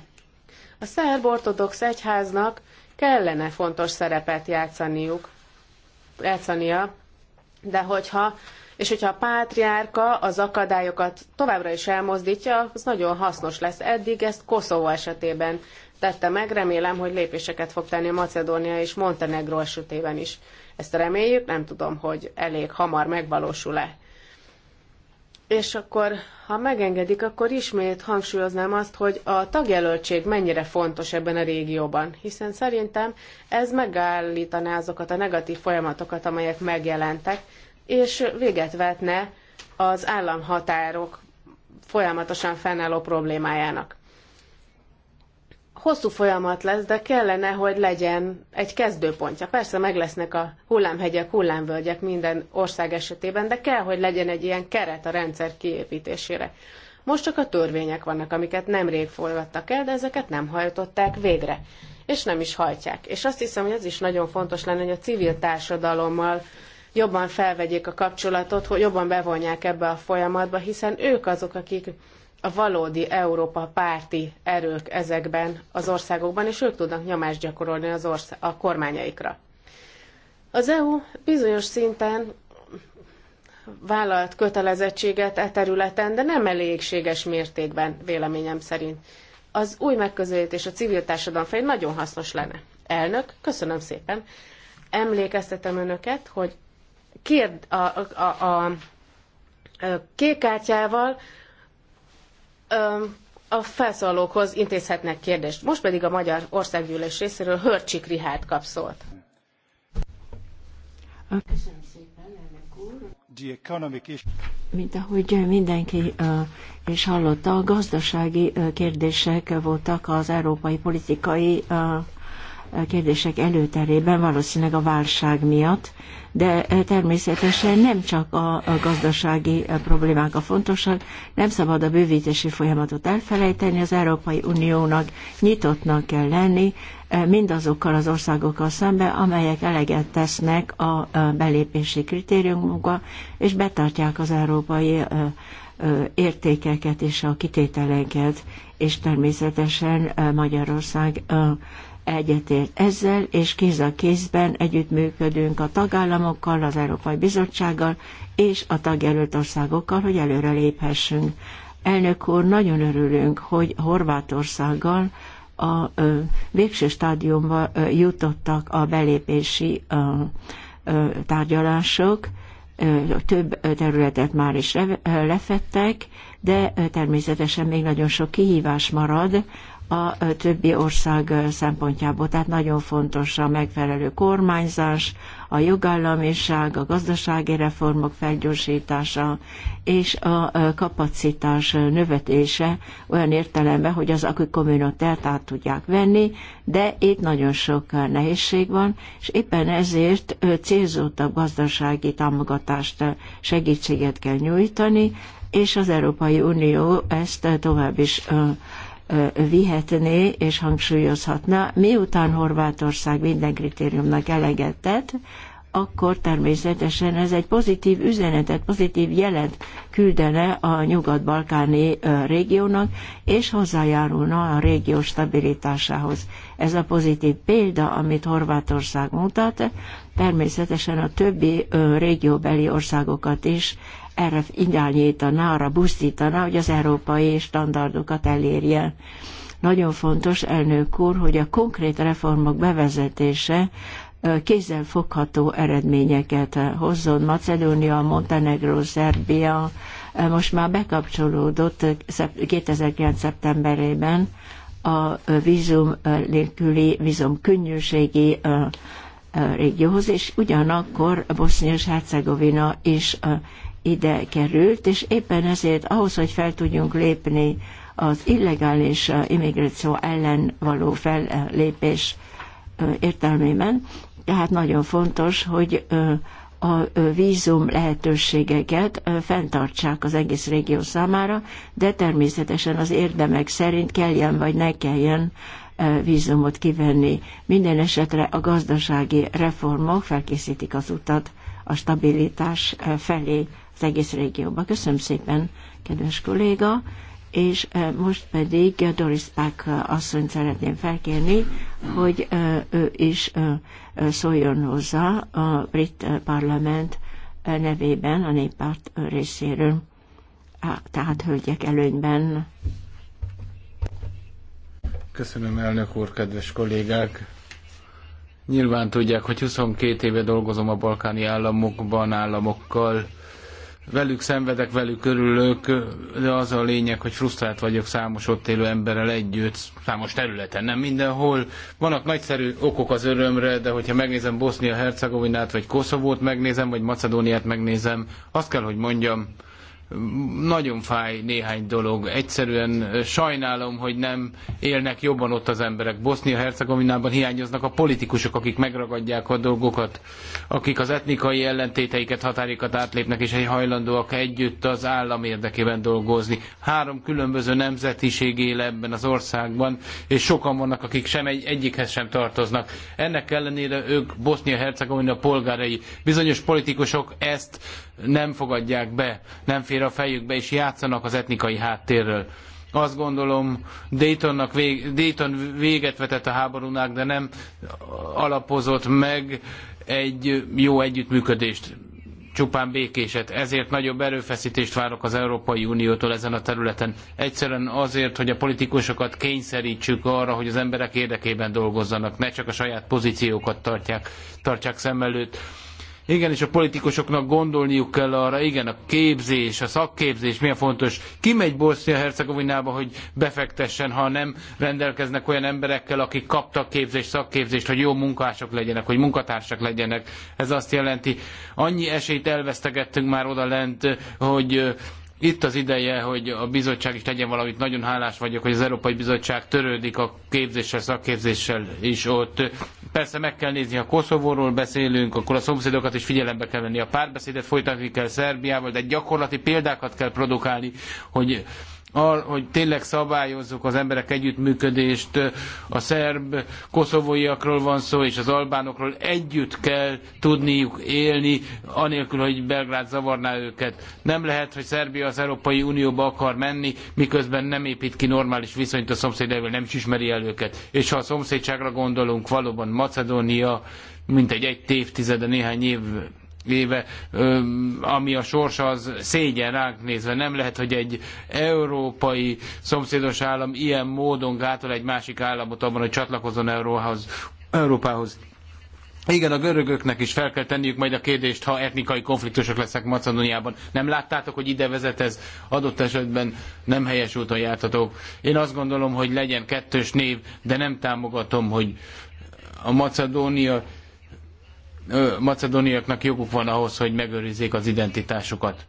A szerb ortodox egyháznak kellene fontos szerepet játszaniuk, játszania, de hogyha, és hogyha a pátriárka az akadályokat továbbra is elmozdítja, az nagyon hasznos lesz. Eddig ezt Koszovó esetében tette meg, remélem, hogy lépéseket fog tenni a Macedónia és Montenegró esetében is. Ezt reméljük, nem tudom, hogy elég hamar megvalósul-e. És akkor, ha megengedik, akkor ismét hangsúlyoznám azt, hogy a tagjelöltség mennyire fontos ebben a régióban, hiszen szerintem ez megállítaná azokat a negatív folyamatokat, amelyek megjelentek, és véget vetne az államhatárok folyamatosan fennálló problémájának hosszú folyamat lesz, de kellene, hogy legyen egy kezdőpontja. Persze meg lesznek a hullámhegyek, hullámvölgyek minden ország esetében, de kell, hogy legyen egy ilyen keret a rendszer kiépítésére. Most csak a törvények vannak, amiket nemrég forgattak el, de ezeket nem hajtották végre, és nem is hajtják. És azt hiszem, hogy ez is nagyon fontos lenne, hogy a civil társadalommal jobban felvegyék a kapcsolatot, hogy jobban bevonják ebbe a folyamatba, hiszen ők azok, akik a valódi Európa párti erők ezekben az országokban, és ők tudnak nyomást gyakorolni az a kormányaikra. Az EU bizonyos szinten vállalt kötelezettséget e területen, de nem elégséges mértékben, véleményem szerint. Az új megközelítés a civil társadalom felé nagyon hasznos lenne. Elnök, köszönöm szépen. Emlékeztetem önöket, hogy kérd, a, a, a, a kék kártyával a felszólalókhoz intézhetnek kérdést. Most pedig a Magyar Országgyűlés részéről Hörcsik Rihárd kap szólt. Köszönöm szépen, elnök úr. Mint ahogy mindenki is hallotta, a gazdasági kérdések voltak az európai politikai kérdések előterében, valószínűleg a válság miatt, de eh, természetesen nem csak a gazdasági eh, problémák a fontosak, nem szabad a bővítési folyamatot elfelejteni, az Európai Uniónak nyitottnak kell lenni eh, mindazokkal az országokkal szemben, amelyek eleget tesznek a belépési kritériumokba, és betartják az európai értékeket és a kitételeket, és természetesen Magyarország egyetért ezzel, és kéz a kézben együttműködünk a tagállamokkal, az Európai Bizottsággal és a tagjelölt országokkal, hogy előre léphessünk. Elnök úr, nagyon örülünk, hogy Horvátországgal a ö, végső stádiumba ö, jutottak a belépési ö, ö, tárgyalások. Ö, több területet már is lefettek, de természetesen még nagyon sok kihívás marad a többi ország szempontjából. Tehát nagyon fontos a megfelelő kormányzás, a jogállamiság, a gazdasági reformok felgyorsítása és a kapacitás növetése olyan értelemben, hogy az akik kommunitert át tudják venni, de itt nagyon sok nehézség van, és éppen ezért célzottabb gazdasági támogatást, segítséget kell nyújtani, és az Európai Unió ezt tovább is vihetné és hangsúlyozhatná, miután Horvátország minden kritériumnak eleget tett, akkor természetesen ez egy pozitív üzenetet, pozitív jelet küldene a nyugat-balkáni régiónak, és hozzájárulna a régió stabilitásához. Ez a pozitív példa, amit Horvátország mutat, természetesen a többi régióbeli országokat is erre irányítaná, arra buzdítaná, hogy az európai standardokat elérje. Nagyon fontos, elnök úr, hogy a konkrét reformok bevezetése fogható eredményeket hozzon. Macedónia, Montenegro, Szerbia most már bekapcsolódott 2009. szeptemberében a vízum nélküli, vízum könnyűségi régióhoz, és ugyanakkor Bosznia és Hercegovina is ide került, és éppen ezért ahhoz, hogy fel tudjunk lépni az illegális uh, immigráció ellen való fellépés uh, értelmében, tehát nagyon fontos, hogy uh, a vízum lehetőségeket fenntartsák az egész régió számára, de természetesen az érdemek szerint kelljen vagy ne kelljen vízumot kivenni. Minden esetre a gazdasági reformok felkészítik az utat a stabilitás felé az egész régióba. Köszönöm szépen, kedves kolléga, és most pedig Doris Pack asszonyt szeretném felkérni, hogy ő is szóljon hozzá a brit parlament nevében a néppárt részéről. Tehát hölgyek előnyben. Köszönöm, elnök úr, kedves kollégák! Nyilván tudják, hogy 22 éve dolgozom a balkáni államokban, államokkal, velük szenvedek, velük körülök, de az a lényeg, hogy frusztrált vagyok számos ott élő emberrel együtt, számos területen, nem mindenhol. Vannak nagyszerű okok az örömre, de hogyha megnézem Bosznia-Hercegovinát, vagy Koszovót megnézem, vagy Macedóniát megnézem, azt kell, hogy mondjam, nagyon fáj néhány dolog. Egyszerűen sajnálom, hogy nem élnek jobban ott az emberek. Bosznia-Hercegovinában hiányoznak a politikusok, akik megragadják a dolgokat, akik az etnikai ellentéteiket, határikat átlépnek, és egy hajlandóak együtt az állam érdekében dolgozni. Három különböző nemzetiség él ebben az országban, és sokan vannak, akik sem egy, egyikhez sem tartoznak. Ennek ellenére ők Bosznia-Hercegovina polgárai. Bizonyos politikusok ezt nem fogadják be, nem fér a fejükbe, és játszanak az etnikai háttérről. Azt gondolom, Daytonnak vég, Dayton véget vetett a háborúnak, de nem alapozott meg egy jó együttműködést csupán békéset. Ezért nagyobb erőfeszítést várok az Európai Uniótól ezen a területen. Egyszerűen azért, hogy a politikusokat kényszerítsük arra, hogy az emberek érdekében dolgozzanak, ne csak a saját pozíciókat tartják, tartsák szem előtt. Igenis a politikusoknak gondolniuk kell arra, igen, a képzés, a szakképzés milyen fontos. Kimegy Bosznia-Hercegovinába, hogy befektessen, ha nem rendelkeznek olyan emberekkel, akik kaptak képzést, szakképzést, hogy jó munkások legyenek, hogy munkatársak legyenek. Ez azt jelenti, annyi esélyt elvesztegettünk már oda lent, hogy itt az ideje, hogy a bizottság is tegyen valamit. Nagyon hálás vagyok, hogy az Európai Bizottság törődik a képzéssel, szakképzéssel is ott. Persze meg kell nézni, ha Koszovóról beszélünk, akkor a szomszédokat is figyelembe kell venni. A párbeszédet folytatni kell Szerbiával, de gyakorlati példákat kell produkálni, hogy hogy tényleg szabályozzuk az emberek együttműködést, a szerb koszovóiakról van szó, és az albánokról együtt kell tudniuk élni, anélkül, hogy Belgrád zavarná őket. Nem lehet, hogy Szerbia az Európai Unióba akar menni, miközben nem épít ki normális viszonyt a szomszédaival, nem is ismeri el őket. És ha a szomszédságra gondolunk, valóban Macedónia, mint egy egy évtizede néhány év éve, ami a sors az szégyen ránk nézve. Nem lehet, hogy egy európai szomszédos állam ilyen módon gátol egy másik államot abban, hogy csatlakozzon Euróhoz, Európához. Igen, a görögöknek is fel kell tenniük majd a kérdést, ha etnikai konfliktusok lesznek Macedóniában. Nem láttátok, hogy ide vezet ez? Adott esetben nem helyes úton jártatok. Én azt gondolom, hogy legyen kettős név, de nem támogatom, hogy a Macedónia macedóniaknak joguk van ahhoz, hogy megőrizzék az identitásukat.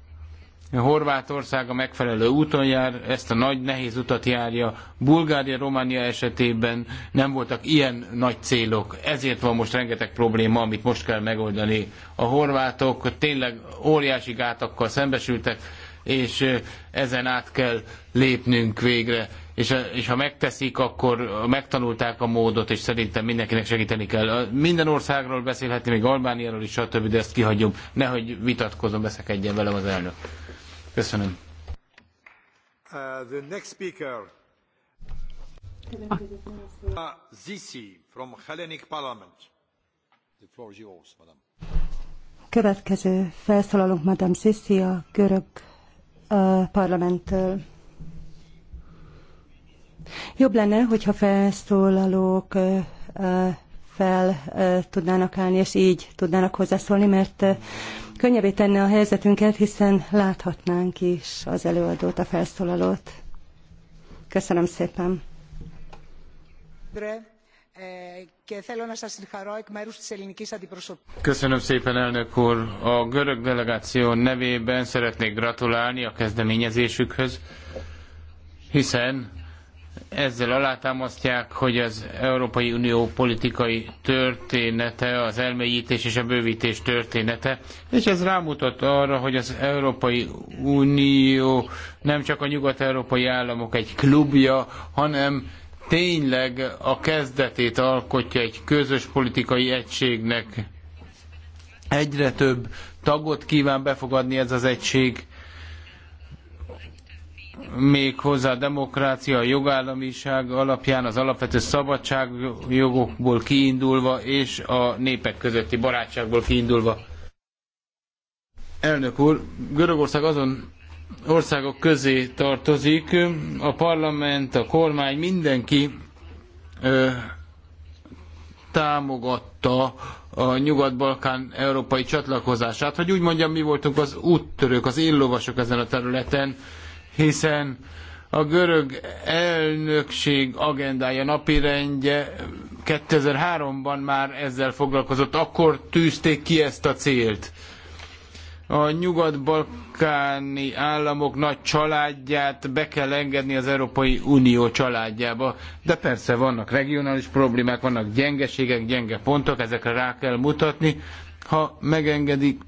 Horvátország a megfelelő úton jár, ezt a nagy nehéz utat járja. Bulgária, Románia esetében nem voltak ilyen nagy célok, ezért van most rengeteg probléma, amit most kell megoldani. A horvátok tényleg óriási gátakkal szembesültek, és ezen át kell lépnünk végre és, és ha megteszik, akkor megtanulták a módot, és szerintem mindenkinek segíteni kell. Minden országról beszélhetni, még Albániáról is, stb., de ezt kihagyom. Nehogy vitatkozom, veszekedjen velem az elnök. Köszönöm. Uh, the next speaker. Uh, Zisi from Hellenic Parliament. The floor is yours, madam. Következő felszólalunk Madame Sisi a görög uh, parlamenttől. Jobb lenne, hogyha felszólalók fel tudnának állni, és így tudnának hozzászólni, mert könnyebbé tenne a helyzetünket, hiszen láthatnánk is az előadót, a felszólalót. Köszönöm szépen. Köszönöm szépen, elnök úr! A görög delegáció nevében szeretnék gratulálni a kezdeményezésükhöz, hiszen ezzel alátámasztják, hogy az Európai Unió politikai története, az elmélyítés és a bővítés története, és ez rámutat arra, hogy az Európai Unió nem csak a nyugat-európai államok egy klubja, hanem tényleg a kezdetét alkotja egy közös politikai egységnek. Egyre több tagot kíván befogadni ez az egység, még hozzá a demokrácia, a jogállamiság alapján, az alapvető szabadságjogokból kiindulva, és a népek közötti barátságból kiindulva. Elnök úr, Görögország azon országok közé tartozik, a parlament, a kormány, mindenki ö, támogatta a nyugat-balkán európai csatlakozását, hogy úgy mondjam, mi voltunk az úttörők, az éllovasok ezen a területen, hiszen a görög elnökség agendája, napirendje 2003-ban már ezzel foglalkozott, akkor tűzték ki ezt a célt. A nyugat-balkáni államok nagy családját be kell engedni az Európai Unió családjába. De persze vannak regionális problémák, vannak gyengeségek, gyenge pontok, ezekre rá kell mutatni. Ha megengedik,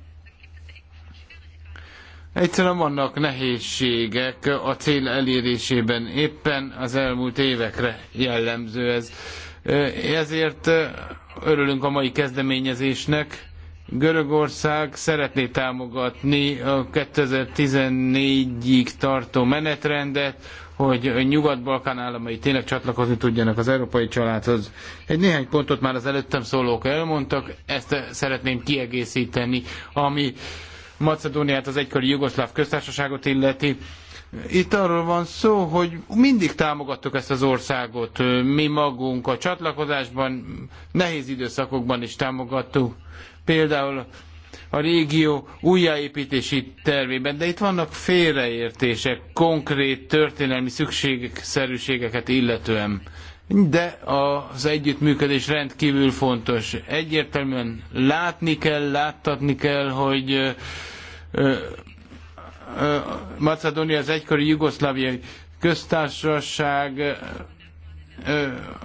Egyszerűen vannak nehézségek a cél elérésében, éppen az elmúlt évekre jellemző ez. Ezért örülünk a mai kezdeményezésnek. Görögország szeretné támogatni a 2014-ig tartó menetrendet, hogy a Nyugat-Balkán államai tényleg csatlakozni tudjanak az európai családhoz. Egy néhány pontot már az előttem szólók elmondtak, ezt szeretném kiegészíteni, ami Macedóniát, az egykori Jugoszláv köztársaságot illeti. Itt arról van szó, hogy mindig támogattuk ezt az országot, mi magunk a csatlakozásban, nehéz időszakokban is támogattuk. Például a régió újjáépítési tervében, de itt vannak félreértések, konkrét történelmi szükségszerűségeket illetően de az együttműködés rendkívül fontos. Egyértelműen látni kell, láttatni kell, hogy Macedónia az egykori Jugoszláviai köztársaság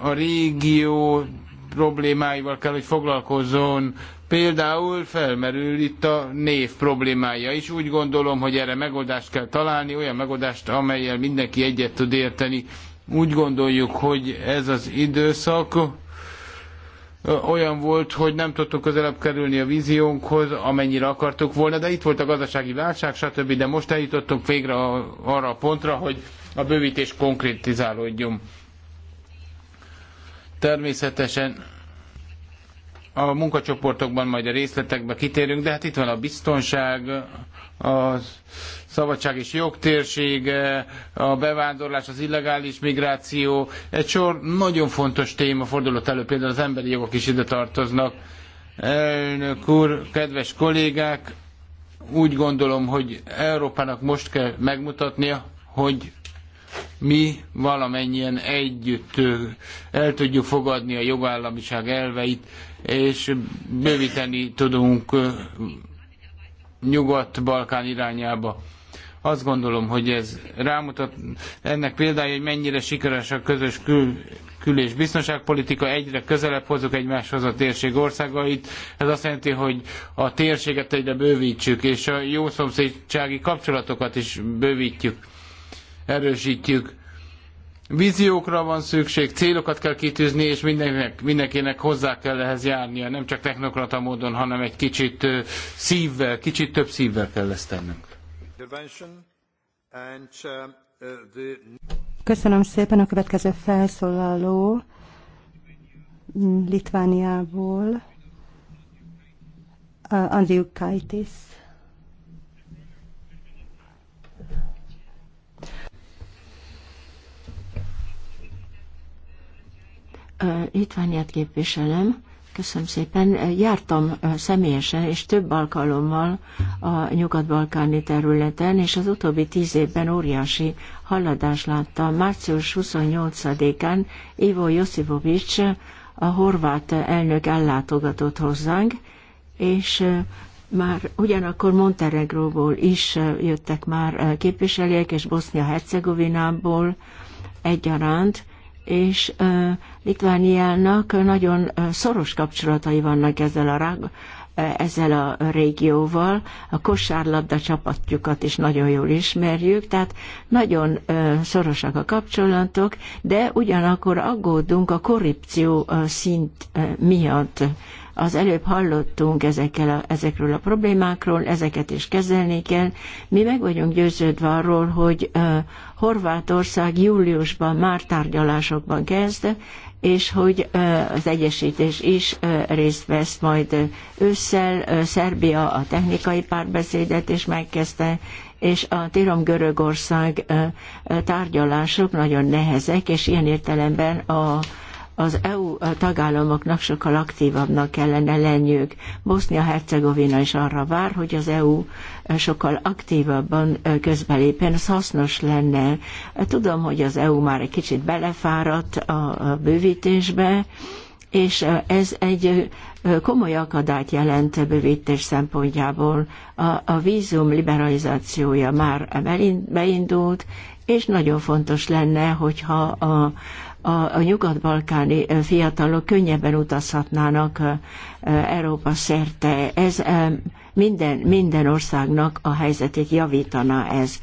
a régió problémáival kell, hogy foglalkozzon. Például felmerül itt a név problémája is. Úgy gondolom, hogy erre megoldást kell találni, olyan megoldást, amelyel mindenki egyet tud érteni. Úgy gondoljuk, hogy ez az időszak olyan volt, hogy nem tudtuk közelebb kerülni a víziónkhoz, amennyire akartuk volna, de itt volt a gazdasági válság, stb. De most eljutottunk végre arra a pontra, hogy a bővítés konkrétizálódjon. Természetesen a munkacsoportokban majd a részletekbe kitérünk, de hát itt van a biztonság, a szabadság és jogtérség, a bevándorlás, az illegális migráció, egy sor nagyon fontos téma fordulott elő, például az emberi jogok is ide tartoznak. Elnök úr, kedves kollégák, úgy gondolom, hogy Európának most kell megmutatnia, hogy mi valamennyien együtt el tudjuk fogadni a jogállamiság elveit, és bővíteni tudunk Nyugat-Balkán irányába. Azt gondolom, hogy ez rámutat ennek példája, hogy mennyire sikeres a közös kül, kül- és biztonságpolitika, egyre közelebb hozok egymáshoz a térség országait. Ez azt jelenti, hogy a térséget egyre bővítsük, és a jó szomszédsági kapcsolatokat is bővítjük, erősítjük Víziókra van szükség, célokat kell kitűzni, és mindenkinek, mindenkinek hozzá kell ehhez járnia, nem csak technokrata módon, hanem egy kicsit szívvel, kicsit több szívvel kell ezt tennünk. Uh, uh, Köszönöm szépen a következő felszólaló Litvániából, Andriuk Kaitis. Litvániát képviselem. Köszönöm szépen. Jártam személyesen és több alkalommal a nyugat-balkáni területen, és az utóbbi tíz évben óriási haladást láttam. Március 28-án Ivo Josipovics, a horvát elnök ellátogatott hozzánk, és már ugyanakkor Montenegróból is jöttek már képviselők, és Bosznia-Hercegovinából egyaránt, és Litvániának nagyon szoros kapcsolatai vannak ezzel a rág, ezzel a régióval. A kosárlabda csapatjukat is nagyon jól ismerjük, tehát nagyon szorosak a kapcsolatok, de ugyanakkor aggódunk a korrupció szint miatt. Az előbb hallottunk ezekkel a, ezekről a problémákról, ezeket is kezelni kell. Mi meg vagyunk győződve arról, hogy Horvátország júliusban már tárgyalásokban kezd, és hogy az egyesítés is részt vesz majd ősszel. Szerbia a technikai párbeszédet is megkezdte, és a Tirom-Görögország tárgyalások nagyon nehezek, és ilyen értelemben a az EU tagállamoknak sokkal aktívabbnak kellene lenniük. Bosznia-Hercegovina is arra vár, hogy az EU sokkal aktívabban közbelépjen, ez hasznos lenne. Tudom, hogy az EU már egy kicsit belefáradt a bővítésbe, és ez egy komoly akadályt jelent a bővítés szempontjából. A, a vízum liberalizációja már beindult, és nagyon fontos lenne, hogyha a, a, a nyugat-balkáni fiatalok könnyebben utazhatnának Európa szerte. Ez minden, minden országnak a helyzetét javítana ez.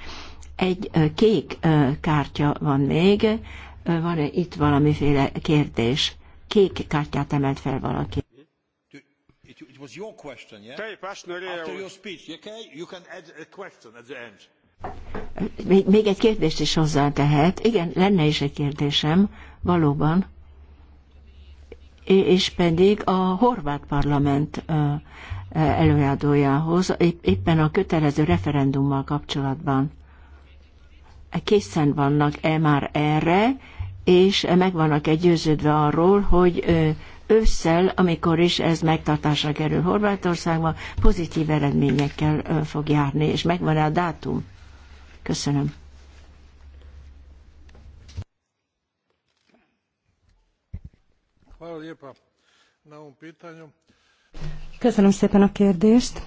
Egy kék kártya van még, van-e itt valamiféle kérdés? Kék kártyát emelt fel valaki. Még, egy kérdést is hozzá tehet. Igen, lenne is egy kérdésem, valóban. És pedig a horvát parlament előadójához, éppen a kötelező referendummal kapcsolatban. Készen vannak-e már erre, és meg vannak-e győződve arról, hogy ősszel, amikor is ez megtartásra kerül Horvátországban, pozitív eredményekkel fog járni, és megvan-e a dátum? Köszönöm. Hvala lijepa na ovom pitanju. Köszönöm szépen a kérdést.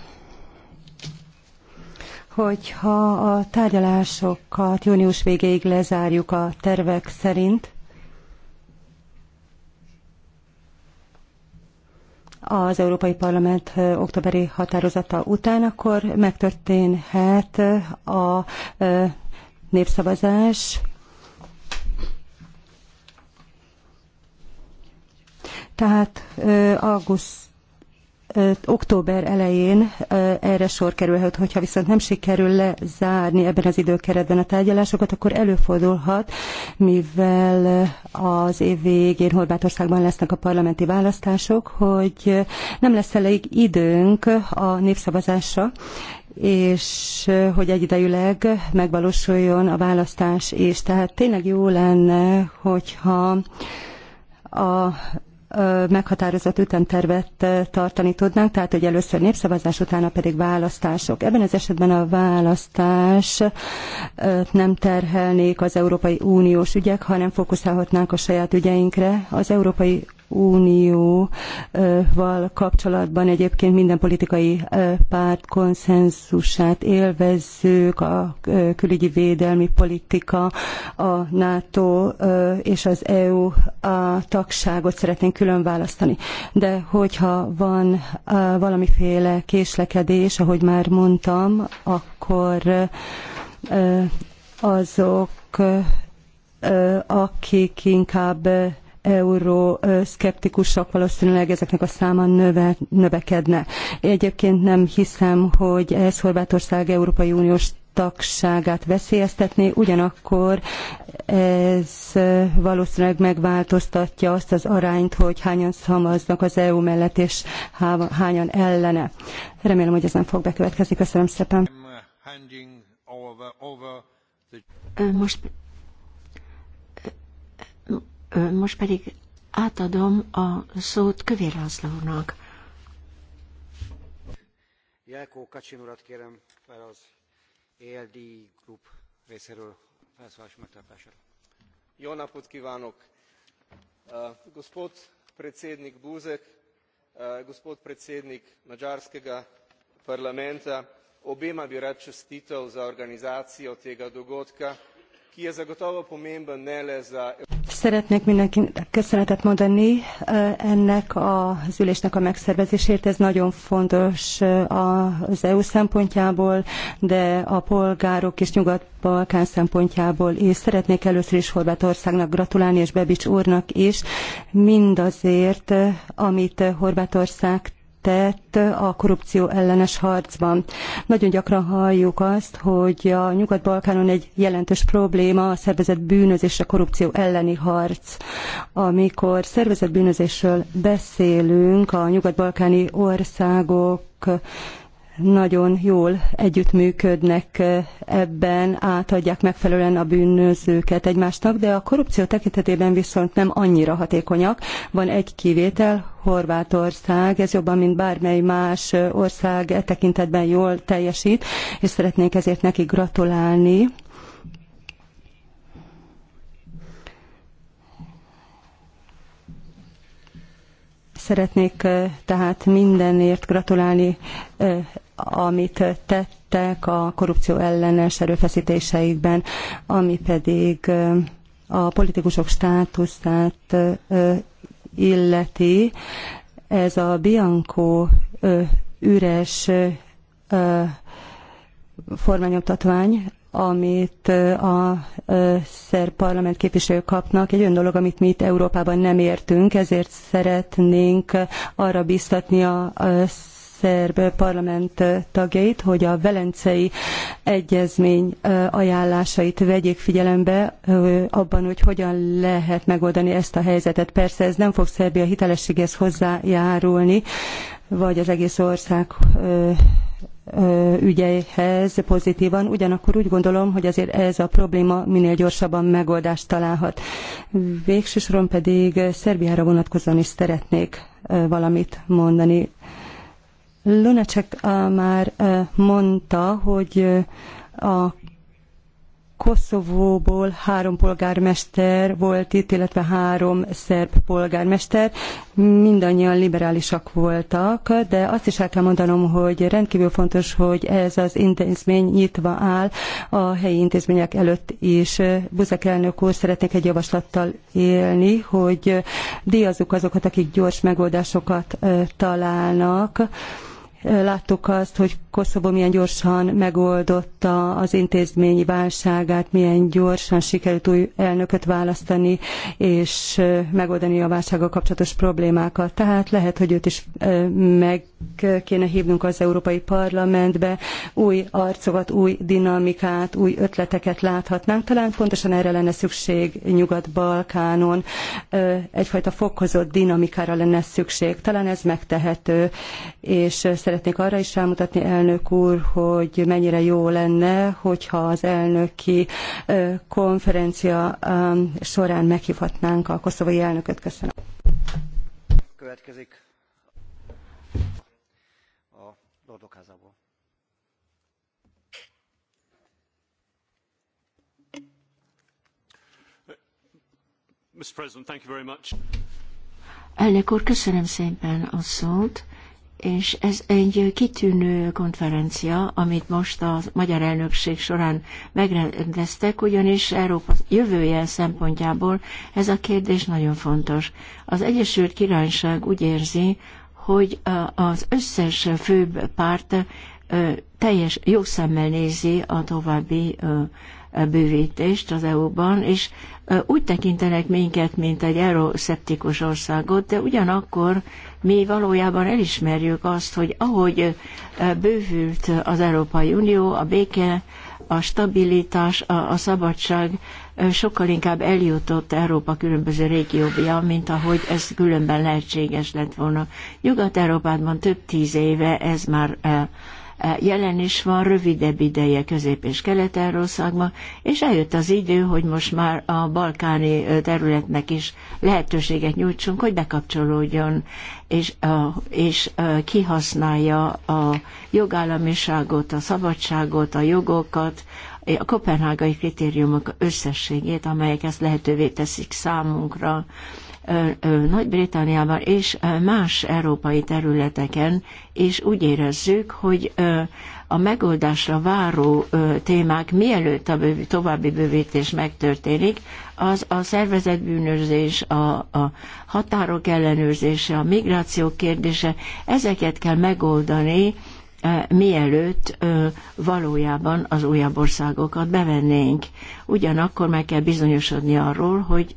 Hogyha a tárgyalásokat június végéig lezárjuk a tervek szerint, az Európai Parlament októberi határozata után, akkor megtörténhet a népszavazás. Tehát augusztus október elején erre sor kerülhet, hogyha viszont nem sikerül lezárni ebben az időkeretben a tárgyalásokat, akkor előfordulhat, mivel az év végén Horvátországban lesznek a parlamenti választások, hogy nem lesz elég időnk a népszavazásra, és hogy egyidejűleg megvalósuljon a választás és Tehát tényleg jó lenne, hogyha a meghatározott ütemtervet tartani tudnánk, tehát hogy először népszavazás, utána pedig választások. Ebben az esetben a választás nem terhelnék az Európai Uniós ügyek, hanem fókuszálhatnánk a saját ügyeinkre. Az Európai Unióval kapcsolatban egyébként minden politikai párt konszenzusát élvezzük, a külügyi védelmi politika, a NATO és az EU a tagságot szeretnénk külön választani. De hogyha van valamiféle késlekedés, ahogy már mondtam, akkor azok akik inkább euroszkeptikusok, valószínűleg ezeknek a száma növe, növekedne. Egyébként nem hiszem, hogy ez Horvátország Európai Uniós tagságát veszélyeztetné, ugyanakkor ez valószínűleg megváltoztatja azt az arányt, hogy hányan szavaznak az EU mellett, és hányan ellene. Remélem, hogy ez nem fog bekövetkezni. Köszönöm szépen. Most most pedig átadom a szót Kövér Lászlónak. Jelkó Kacsin urat kérem fel az ELD Group részéről felszólás megtartására. Jó napot kívánok! Gospod predsednik Búzek, gospod predsednik Magyarskega parlamenta, obema bi rad čestitev za organizacijo tega dogodka, ki je zagotovo pomemben ne le za Szeretnék mindenkinek köszönetet mondani ennek az ülésnek a megszervezésért. Ez nagyon fontos az EU szempontjából, de a polgárok és Nyugat-Balkán szempontjából is. Szeretnék először is Horvátországnak gratulálni, és Bebics úrnak is, mindazért, amit Horvátország tett a korrupció ellenes harcban. Nagyon gyakran halljuk azt, hogy a Nyugat-Balkánon egy jelentős probléma a szervezett bűnözés, a korrupció elleni harc. Amikor szervezett bűnözésről beszélünk, a nyugat-balkáni országok nagyon jól együttműködnek ebben, átadják megfelelően a bűnözőket egymásnak, de a korrupció tekintetében viszont nem annyira hatékonyak. Van egy kivétel, Horvátország, ez jobban, mint bármely más ország e tekintetben jól teljesít, és szeretnék ezért neki gratulálni. szeretnék tehát mindenért gratulálni amit tettek a korrupció ellenes erőfeszítéseikben, ami pedig a politikusok státuszát illeti. Ez a Bianco üres formányoktatvány, amit a szerb parlament képviselők kapnak, egy olyan dolog, amit mi itt Európában nem értünk, ezért szeretnénk arra biztatni a szerb parlament tagjait, hogy a velencei egyezmény ajánlásait vegyék figyelembe abban, hogy hogyan lehet megoldani ezt a helyzetet. Persze ez nem fog Szerbia hitelességhez hozzájárulni, vagy az egész ország ügyeihez pozitívan, ugyanakkor úgy gondolom, hogy azért ez a probléma minél gyorsabban megoldást találhat. Végső soron pedig Szerbiára vonatkozóan is szeretnék valamit mondani. Lunacek már mondta, hogy a Koszovóból három polgármester volt itt, illetve három szerb polgármester. Mindannyian liberálisak voltak, de azt is el kell mondanom, hogy rendkívül fontos, hogy ez az intézmény nyitva áll a helyi intézmények előtt is. Buzek elnök úr, szeretnék egy javaslattal élni, hogy díjazzuk azokat, akik gyors megoldásokat találnak, Láttuk azt, hogy Koszovó milyen gyorsan megoldotta az intézményi válságát, milyen gyorsan sikerült új elnököt választani, és megoldani a válsággal kapcsolatos problémákat. Tehát lehet, hogy őt is meg kéne hívnunk az Európai Parlamentbe, új arcokat, új dinamikát, új ötleteket láthatnánk. Talán pontosan erre lenne szükség Nyugat-Balkánon, egyfajta fokozott dinamikára lenne szükség. Talán ez megtehető, és szeretném Szeretnék arra is rámutatni, elnök úr, hogy mennyire jó lenne, hogyha az elnöki konferencia során meghívhatnánk a koszovai elnököt. Köszönöm. Következik a Lordok házából. Mr. President, thank you very much. Elnök úr, köszönöm szépen a szót és ez egy kitűnő konferencia, amit most a magyar elnökség során megrendeztek, ugyanis Európa jövője szempontjából ez a kérdés nagyon fontos. Az Egyesült Királyság úgy érzi, hogy az összes főbb párt teljes jó szemmel nézi a további bővítést az EU-ban, és úgy tekintenek minket, mint egy euroszeptikus országot, de ugyanakkor mi valójában elismerjük azt, hogy ahogy bővült az Európai Unió, a béke, a stabilitás, a, a szabadság sokkal inkább eljutott Európa különböző régióbia, mint ahogy ez különben lehetséges lett volna. Nyugat-Európában több tíz éve ez már eh, jelen is van rövidebb ideje Közép- és Kelet-Eurószakban, és eljött az idő, hogy most már a balkáni területnek is lehetőséget nyújtsunk, hogy bekapcsolódjon és, és kihasználja a jogállamiságot, a szabadságot, a jogokat, a kopenhágai kritériumok összességét, amelyek ezt lehetővé teszik számunkra nagy britanniában és más európai területeken, és úgy érezzük, hogy a megoldásra váró témák mielőtt a további bővítés megtörténik, az a szervezetbűnözés, a, a határok ellenőrzése, a migráció kérdése, ezeket kell megoldani, mielőtt valójában az újabb országokat bevennénk. Ugyanakkor meg kell bizonyosodni arról, hogy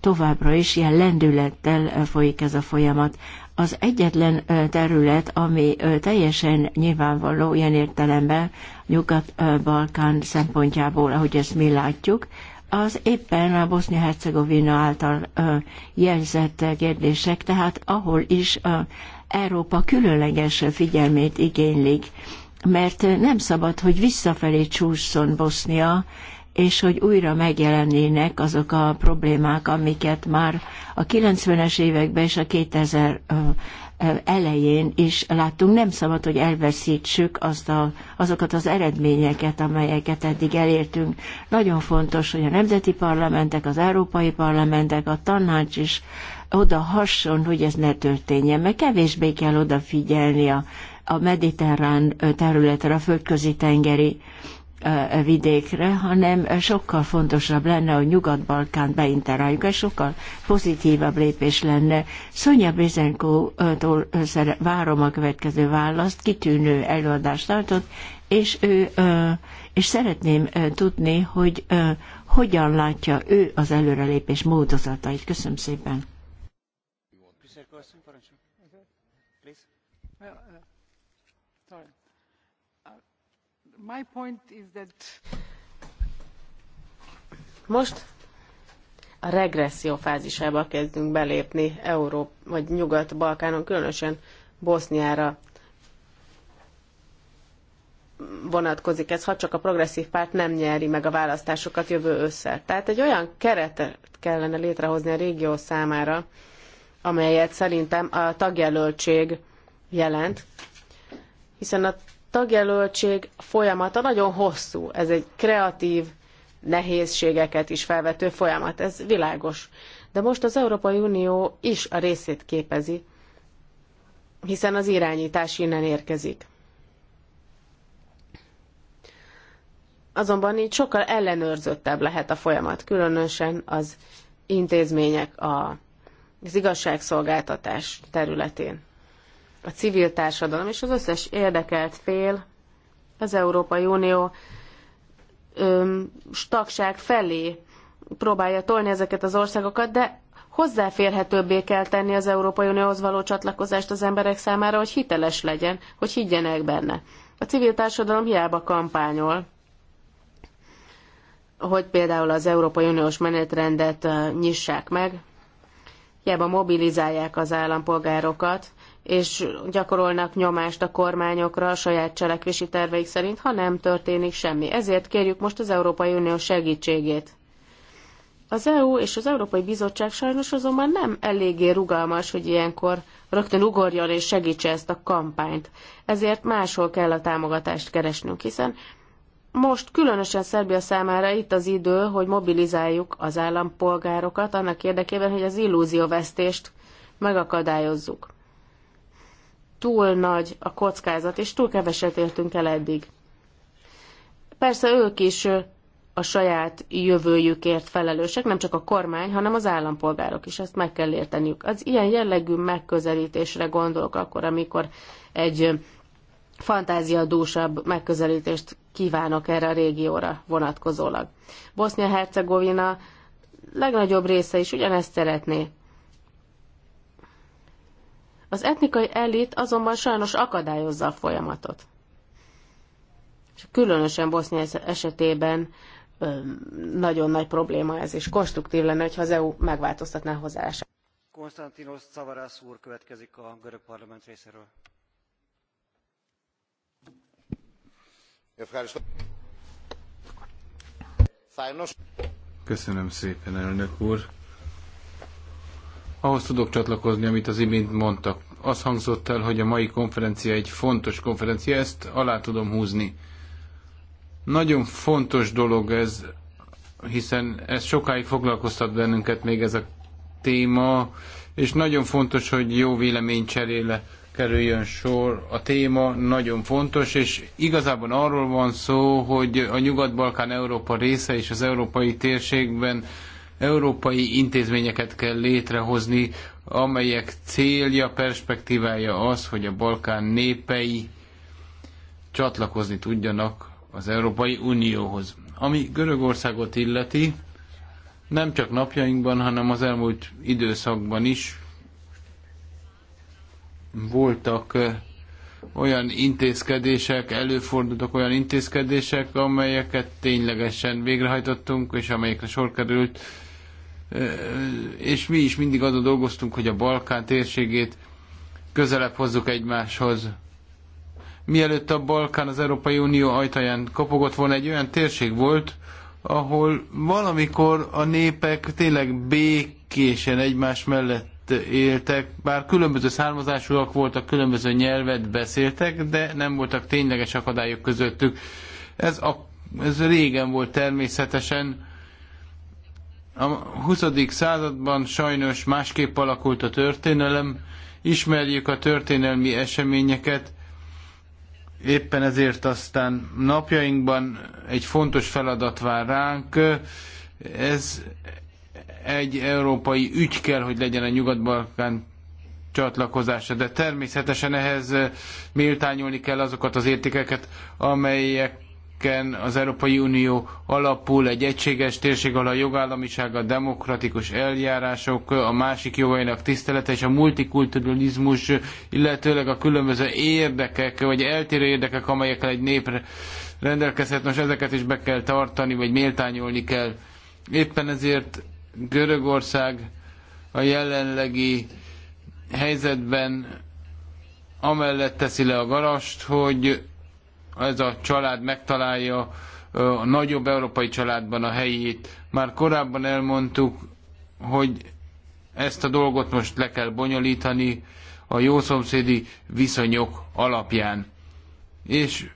továbbra is ilyen lendülettel folyik ez a folyamat. Az egyetlen terület, ami teljesen nyilvánvaló ilyen értelemben Nyugat-Balkán szempontjából, ahogy ezt mi látjuk, az éppen a Bosznia-Hercegovina által jelzett kérdések, tehát ahol is Európa különleges figyelmét igénylik, mert nem szabad, hogy visszafelé csúszson Bosznia, és hogy újra megjelennének azok a problémák, amiket már a 90-es években és a 2000 elején is láttunk. Nem szabad, hogy elveszítsük azt a, azokat az eredményeket, amelyeket eddig elértünk. Nagyon fontos, hogy a nemzeti parlamentek, az európai parlamentek, a tanács is oda hason, hogy ez ne történjen, mert kevésbé kell odafigyelni a, a mediterrán területre, a földközi tengeri vidékre, hanem sokkal fontosabb lenne, hogy Nyugat-Balkánt beinteráljuk, és sokkal pozitívabb lépés lenne. Szonya Bizenkótól várom a következő választ, kitűnő előadást tartott, és ő és szeretném tudni, hogy hogyan látja ő az előrelépés módozatait. Köszönöm szépen! Most a regresszió fázisába kezdünk belépni Európa, vagy Nyugat-Balkánon, különösen Boszniára vonatkozik ez, ha csak a progresszív párt nem nyeri meg a választásokat jövő ősszel. Tehát egy olyan keretet kellene létrehozni a régió számára, amelyet szerintem a tagjelöltség jelent, hiszen a tagjelöltség folyamata nagyon hosszú. Ez egy kreatív, nehézségeket is felvető folyamat. Ez világos. De most az Európai Unió is a részét képezi, hiszen az irányítás innen érkezik. Azonban így sokkal ellenőrzöttebb lehet a folyamat, különösen az intézmények, a, az igazságszolgáltatás területén a civil társadalom és az összes érdekelt fél az Európai Unió öm, tagság felé próbálja tolni ezeket az országokat, de hozzáférhetőbbé kell tenni az Európai Unióhoz való csatlakozást az emberek számára, hogy hiteles legyen, hogy higgyenek benne. A civil társadalom hiába kampányol, hogy például az Európai Uniós menetrendet nyissák meg, hiába mobilizálják az állampolgárokat, és gyakorolnak nyomást a kormányokra a saját cselekvési terveik szerint, ha nem történik semmi. Ezért kérjük most az Európai Unió segítségét. Az EU és az Európai Bizottság sajnos azonban nem eléggé rugalmas, hogy ilyenkor rögtön ugorjon és segítse ezt a kampányt. Ezért máshol kell a támogatást keresnünk, hiszen most különösen Szerbia számára itt az idő, hogy mobilizáljuk az állampolgárokat annak érdekében, hogy az illúzióvesztést megakadályozzuk túl nagy a kockázat, és túl keveset értünk el eddig. Persze ők is a saját jövőjükért felelősek, nem csak a kormány, hanem az állampolgárok is, ezt meg kell érteniük. Az ilyen jellegű megközelítésre gondolok akkor, amikor egy fantáziadúsabb megközelítést kívánok erre a régióra vonatkozólag. bosnia hercegovina legnagyobb része is ugyanezt szeretné. Az etnikai elit azonban sajnos akadályozza a folyamatot. És különösen Bosznia esetében ö, nagyon nagy probléma ez, és konstruktív lenne, hogyha az EU megváltoztatná hozzáállását. Konstantinos Szavarász úr következik a görög parlament részéről. Köszönöm szépen, elnök úr. Ahhoz tudok csatlakozni, amit az imént mondtak. Az hangzott el, hogy a mai konferencia egy fontos konferencia, ezt alá tudom húzni. Nagyon fontos dolog ez, hiszen ez sokáig foglalkoztat bennünket még ez a téma, és nagyon fontos, hogy jó véleménycserére kerüljön sor. A téma nagyon fontos, és igazából arról van szó, hogy a Nyugat-Balkán Európa része és az európai térségben Európai intézményeket kell létrehozni, amelyek célja, perspektívája az, hogy a Balkán népei csatlakozni tudjanak az Európai Unióhoz. Ami Görögországot illeti, nem csak napjainkban, hanem az elmúlt időszakban is voltak eh, olyan intézkedések, előfordultak olyan intézkedések, amelyeket ténylegesen végrehajtottunk, és amelyekre sor került, és mi is mindig azon dolgoztunk, hogy a Balkán térségét közelebb hozzuk egymáshoz. Mielőtt a Balkán az Európai Unió ajtaján kopogott volna, egy olyan térség volt, ahol valamikor a népek tényleg békésen egymás mellett éltek, bár különböző származásúak voltak, különböző nyelvet beszéltek, de nem voltak tényleges akadályok közöttük. Ez, a, ez régen volt természetesen, a 20. században sajnos másképp alakult a történelem, ismerjük a történelmi eseményeket, éppen ezért aztán napjainkban egy fontos feladat vár ránk. Ez egy európai ügy kell, hogy legyen a Nyugat-Balkán csatlakozása, de természetesen ehhez méltányolni kell azokat az értékeket, amelyek amelyeken az Európai Unió alapul egy egységes térség, ahol a jogállamiság, a demokratikus eljárások, a másik jogainak tisztelete és a multikulturalizmus, illetőleg a különböző érdekek, vagy eltérő érdekek, amelyekkel egy nép rendelkezhet, most ezeket is be kell tartani, vagy méltányolni kell. Éppen ezért Görögország a jelenlegi helyzetben amellett teszi le a garast, hogy ez a család megtalálja a nagyobb európai családban a helyét. Már korábban elmondtuk, hogy ezt a dolgot most le kell bonyolítani a jószomszédi viszonyok alapján. És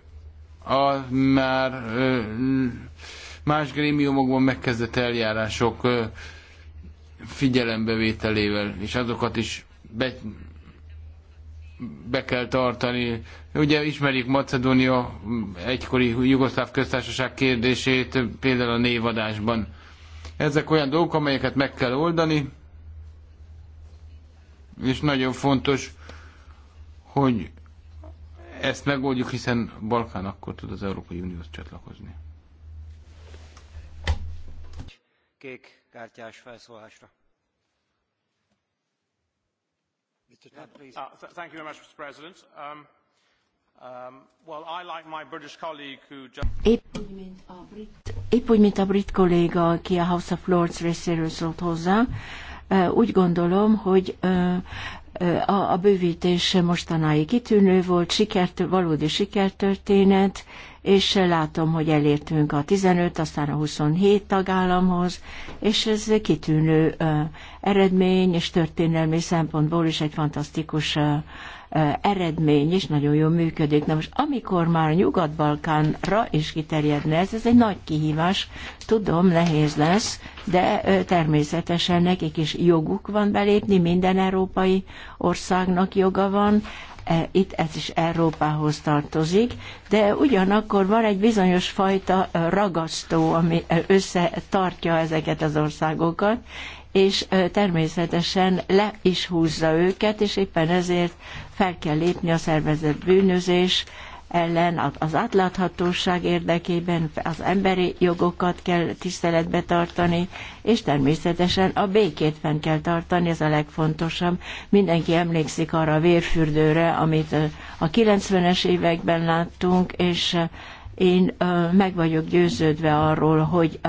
a már más grémiumokban megkezdett eljárások figyelembevételével, és azokat is be, be kell tartani. Ugye ismerik Macedónia egykori Jugoszláv köztársaság kérdését, például a névadásban. Ezek olyan dolgok, amelyeket meg kell oldani, és nagyon fontos, hogy ezt megoldjuk, hiszen Balkán akkor tud az Európai Unióhoz csatlakozni. Kék kártyás felszólásra. Uh, épp úgy, mint a brit, épp úgy, mint a brit kolléga, aki a House of Lords részéről szólt hozzá, úgy gondolom, hogy a, a bővítés mostanáig kitűnő volt, sikert, valódi sikertörténet, és látom, hogy elértünk a 15, aztán a 27 tagállamhoz, és ez kitűnő eredmény, és történelmi szempontból is egy fantasztikus eredmény, és nagyon jól működik. Na most, amikor már Nyugat-Balkánra is kiterjedne ez, ez egy nagy kihívás, tudom, nehéz lesz, de természetesen nekik is joguk van belépni, minden európai országnak joga van, E, itt ez is Európához tartozik, de ugyanakkor van egy bizonyos fajta ragasztó, ami e, összetartja ezeket az országokat, és e, természetesen le is húzza őket, és éppen ezért fel kell lépni a szervezett bűnözés ellen, az átláthatóság érdekében az emberi jogokat kell tiszteletbe tartani, és természetesen a békét fenn kell tartani, ez a legfontosabb. Mindenki emlékszik arra a vérfürdőre, amit a 90-es években láttunk, és én meg vagyok győződve arról, hogy a,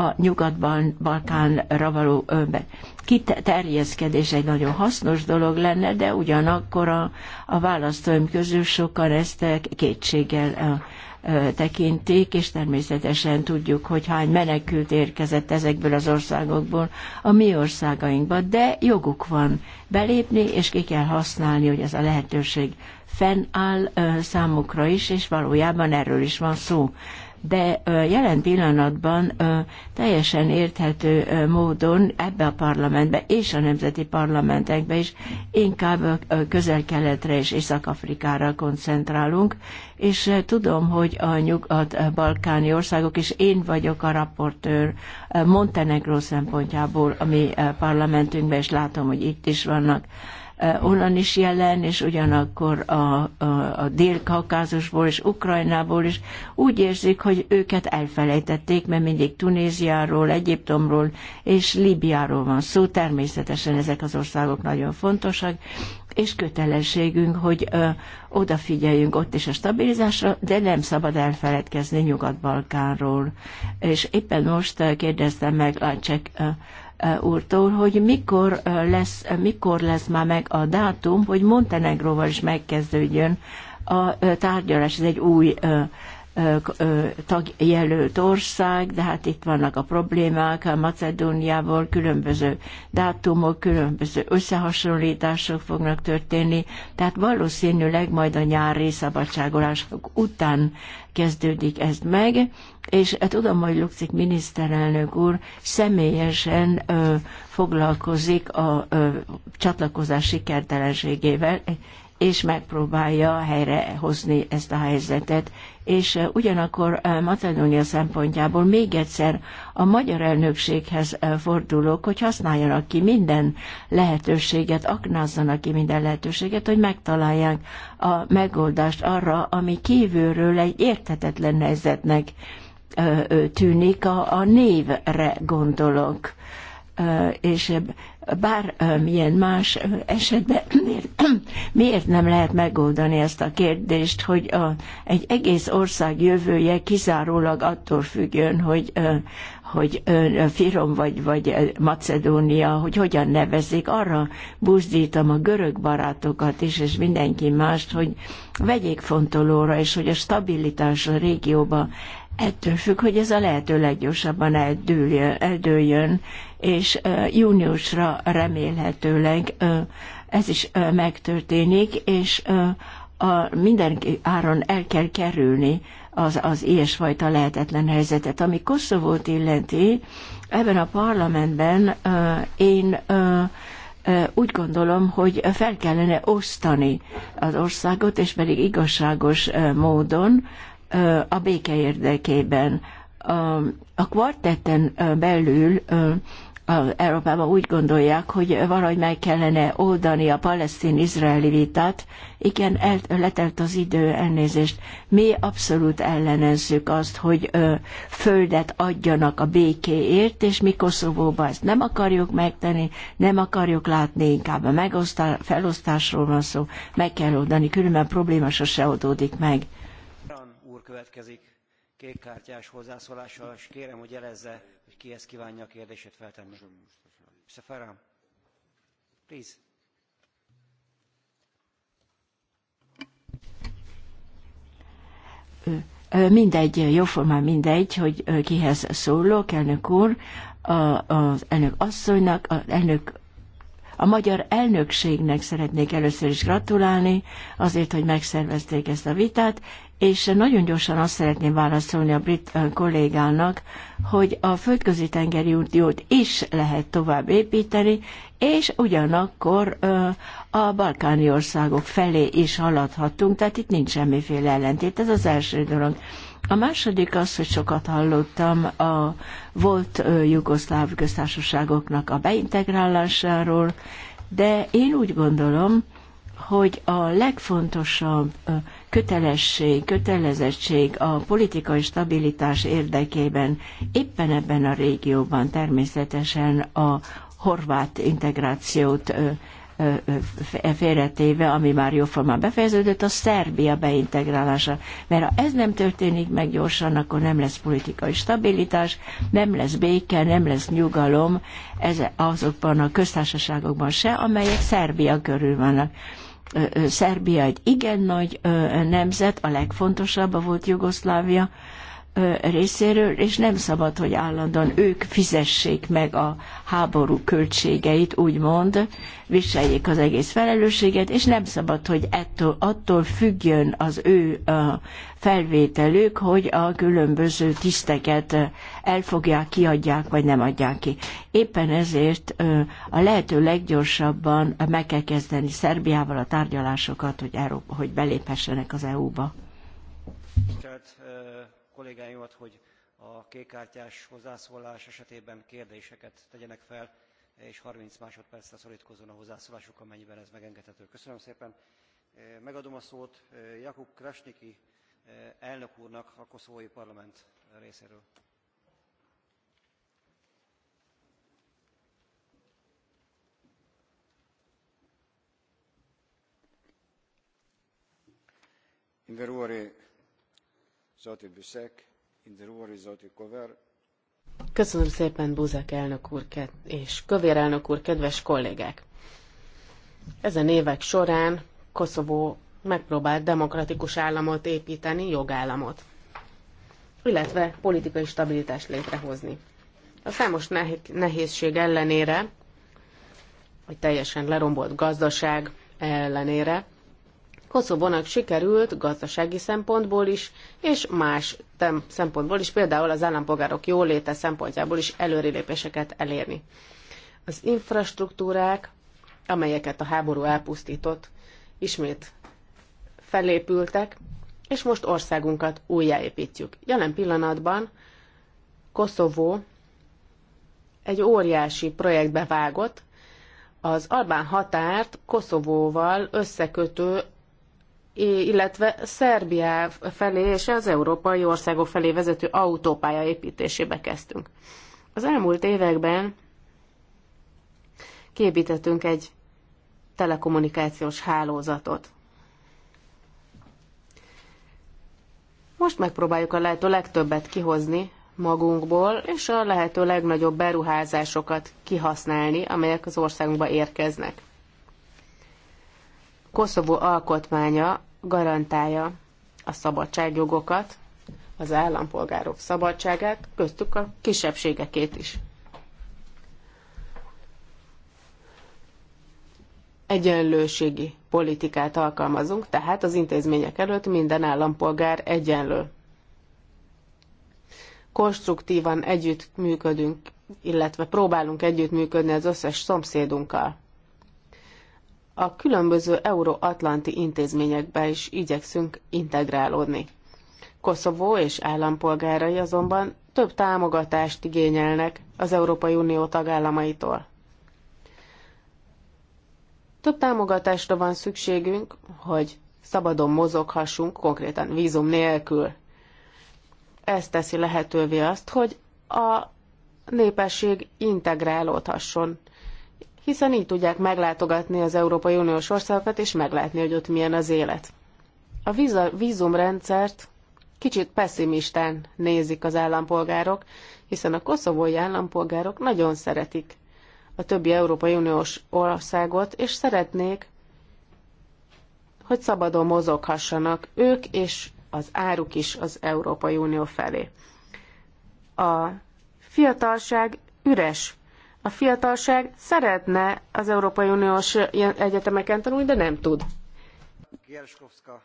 a nyugatban, balkánra való kiterjeszkedés egy nagyon hasznos dolog lenne, de ugyanakkor a, a választóim közül sokan ezt kétséggel tekintik, és természetesen tudjuk, hogy hány menekült érkezett ezekből az országokból a mi országainkba, de joguk van belépni, és ki kell használni, hogy ez a lehetőség fennáll számukra is, és valójában erről is van szó de jelen pillanatban teljesen érthető módon ebbe a parlamentbe és a nemzeti parlamentekbe is inkább közel-keletre és Észak-Afrikára koncentrálunk, és tudom, hogy a nyugat-balkáni országok, és én vagyok a raportőr Montenegró szempontjából a mi parlamentünkben, és látom, hogy itt is vannak Eh, onnan is jelen, és ugyanakkor a, a, a Dél-Kaukázusból és Ukrajnából is úgy érzik, hogy őket elfelejtették, mert mindig Tunéziáról, Egyiptomról és Líbiáról van szó. Természetesen ezek az országok nagyon fontosak, és kötelességünk, hogy ö, odafigyeljünk ott is a stabilizásra, de nem szabad elfeledkezni Nyugat-Balkánról. És éppen most kérdeztem meg a csek Eh, úrtól, hogy mikor eh, lesz, eh, mikor lesz már meg a dátum, hogy Montenegróval is megkezdődjön a tárgyalás. Ez egy új tagjelölt ország, de hát itt vannak a problémák, a Macedóniával különböző dátumok, különböző összehasonlítások fognak történni, tehát valószínűleg majd a nyári szabadságolások után kezdődik ez meg, és tudom, hogy Lukcik miniszterelnök úr személyesen ö, foglalkozik a ö, csatlakozás sikertelenségével, és megpróbálja helyrehozni ezt a helyzetet. És ugyanakkor Macedónia szempontjából még egyszer a magyar elnökséghez fordulok, hogy használjanak ki minden lehetőséget, aknázzanak ki minden lehetőséget, hogy megtalálják a megoldást arra, ami kívülről egy érthetetlen helyzetnek tűnik, a, a névre gondolok. És bármilyen más esetben miért, miért nem lehet megoldani ezt a kérdést, hogy a, egy egész ország jövője kizárólag attól függjön, hogy hogy Firom vagy, vagy Macedónia, hogy hogyan nevezik, arra buzdítom a görög barátokat is, és mindenki mást, hogy vegyék fontolóra, és hogy a stabilitás a régióban Ettől függ, hogy ez a lehető leggyorsabban eldőljön, eldőljön és júniusra remélhetőleg ez is megtörténik, és a minden áron el kell kerülni az, az ilyesfajta lehetetlen helyzetet. Ami Koszovót illeti, ebben a parlamentben én úgy gondolom, hogy fel kellene osztani az országot, és pedig igazságos módon a béke érdekében. A kvartetten belül az Európában úgy gondolják, hogy valahogy meg kellene oldani a palesztin-izraeli vitát. Igen, el, letelt az idő, elnézést. Mi abszolút ellenezzük azt, hogy ö, földet adjanak a békéért, és mi Koszovóban ezt nem akarjuk megtenni, nem akarjuk látni, inkább a megosztá, felosztásról van szó, meg kell oldani, különben probléma sose oldódik meg következik kékkártyás hozzászólással, és kérem, hogy jelezze, hogy kihez kívánja a kérdését feltenni. Mr. Farah, please. Mindegy, jóformán mindegy, hogy kihez szólok, elnök úr, az elnök asszonynak, az elnök a magyar elnökségnek szeretnék először is gratulálni azért, hogy megszervezték ezt a vitát, és nagyon gyorsan azt szeretném válaszolni a brit kollégának, hogy a földközi tengeri útjót is lehet tovább építeni, és ugyanakkor a balkáni országok felé is haladhatunk, tehát itt nincs semmiféle ellentét. Ez az első dolog. A második az, hogy sokat hallottam a volt jugoszláv köztársaságoknak a beintegrálásáról, de én úgy gondolom, hogy a legfontosabb kötelesség, kötelezettség a politikai stabilitás érdekében éppen ebben a régióban természetesen a horvát integrációt félretéve, ami már jóformán befejeződött, a Szerbia beintegrálása. Mert ha ez nem történik meg gyorsan, akkor nem lesz politikai stabilitás, nem lesz béke, nem lesz nyugalom ez azokban a köztársaságokban se, amelyek Szerbia körül vannak. Szerbia egy igen nagy nemzet, a legfontosabb a volt Jugoszlávia, részéről, és nem szabad, hogy állandóan ők fizessék meg a háború költségeit, úgymond, viseljék az egész felelősséget, és nem szabad, hogy ettől, attól függjön az ő felvételük, hogy a különböző tiszteket elfogják, kiadják, vagy nem adják ki. Éppen ezért a lehető leggyorsabban meg kell kezdeni Szerbiával a tárgyalásokat, hogy, Európa, hogy beléphessenek az EU-ba. Tehát, kollégáimat, hogy a kékkártyás hozzászólás esetében kérdéseket tegyenek fel, és 30 másodpercre szorítkozon a hozzászólásuk, amennyiben ez megengedhető. Köszönöm szépen. Megadom a szót Jakub Krasniki elnök úrnak a koszovói parlament részéről. in Köszönöm szépen, Buzek elnök úr és Kövér elnök úr, kedves kollégák! Ezen évek során Koszovó megpróbált demokratikus államot építeni, jogállamot, illetve politikai stabilitást létrehozni. A számos nehézség ellenére, vagy teljesen lerombolt gazdaság ellenére, Koszovónak sikerült gazdasági szempontból is, és más szempontból is, például az állampolgárok jóléte szempontjából is előrelépéseket elérni. Az infrastruktúrák, amelyeket a háború elpusztított, ismét felépültek, és most országunkat újjáépítjük. Jelen pillanatban Koszovó egy óriási projektbe vágott, az albán határt Koszovóval összekötő illetve Szerbia felé és az európai országok felé vezető autópálya építésébe kezdtünk. Az elmúlt években képítettünk egy telekommunikációs hálózatot. Most megpróbáljuk a lehető legtöbbet kihozni magunkból, és a lehető legnagyobb beruházásokat kihasználni, amelyek az országunkba érkeznek. Koszovó alkotmánya garantálja a szabadságjogokat, az állampolgárok szabadságát, köztük a kisebbségekét is. Egyenlőségi politikát alkalmazunk, tehát az intézmények előtt minden állampolgár egyenlő. Konstruktívan együttműködünk, illetve próbálunk együttműködni az összes szomszédunkkal a különböző euróatlanti intézményekbe is igyekszünk integrálódni. Koszovó és állampolgárai azonban több támogatást igényelnek az Európai Unió tagállamaitól. Több támogatásra van szükségünk, hogy szabadon mozoghassunk, konkrétan vízum nélkül. Ez teszi lehetővé azt, hogy a népesség integrálódhasson hiszen így tudják meglátogatni az Európai Uniós országokat, és meglátni, hogy ott milyen az élet. A víza, vízumrendszert kicsit pessimisten nézik az állampolgárok, hiszen a koszovói állampolgárok nagyon szeretik a többi Európai Uniós országot, és szeretnék, hogy szabadon mozoghassanak ők és az áruk is az Európai Unió felé. A fiatalság üres a fiatalság szeretne az Európai Uniós egyetemeken tanulni, de nem tud. Gierskovska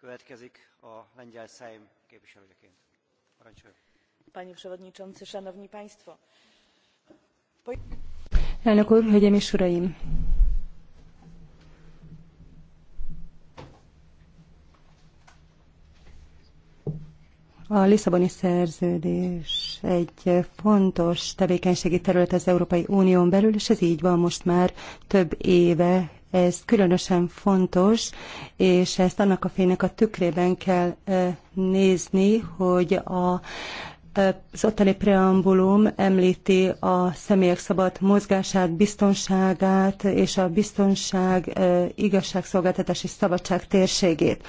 következik a lengyel Sejm képviselőjeként. Parancsoljon. Przewodniczący, Szanowni Państwo. Elnök úr, Hölgyeim és Uraim! A Lisszaboni szerződés egy fontos tevékenységi terület az Európai Unión belül, és ez így van most már több éve. Ez különösen fontos, és ezt annak a fénynek a tükrében kell eh, nézni, hogy a az ottani preambulum említi a személyek szabad mozgását, biztonságát és a biztonság, igazságszolgáltatás és szabadság térségét.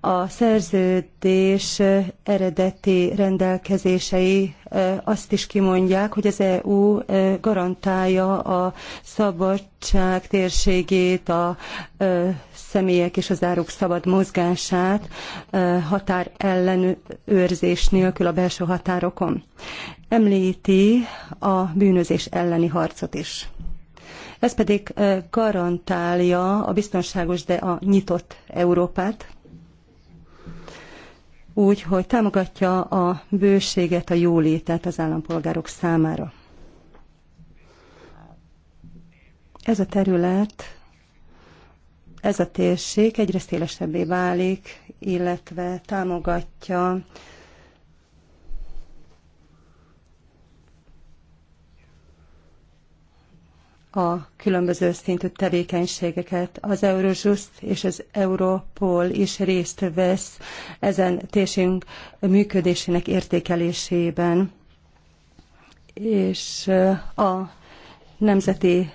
A szerződés eredeti rendelkezései azt is kimondják, hogy az EU garantálja a szabad szabadság térségét, a személyek és az áruk szabad mozgását határ ellenőrzés nélkül a belső határokon. Említi a bűnözés elleni harcot is. Ez pedig garantálja a biztonságos, de a nyitott Európát, úgy, hogy támogatja a bőséget, a jólétet az állampolgárok számára. Ez a terület, ez a térség egyre szélesebbé válik, illetve támogatja a különböző szintű tevékenységeket. Az Eurojust és az Europol is részt vesz ezen térség működésének értékelésében, és a nemzeti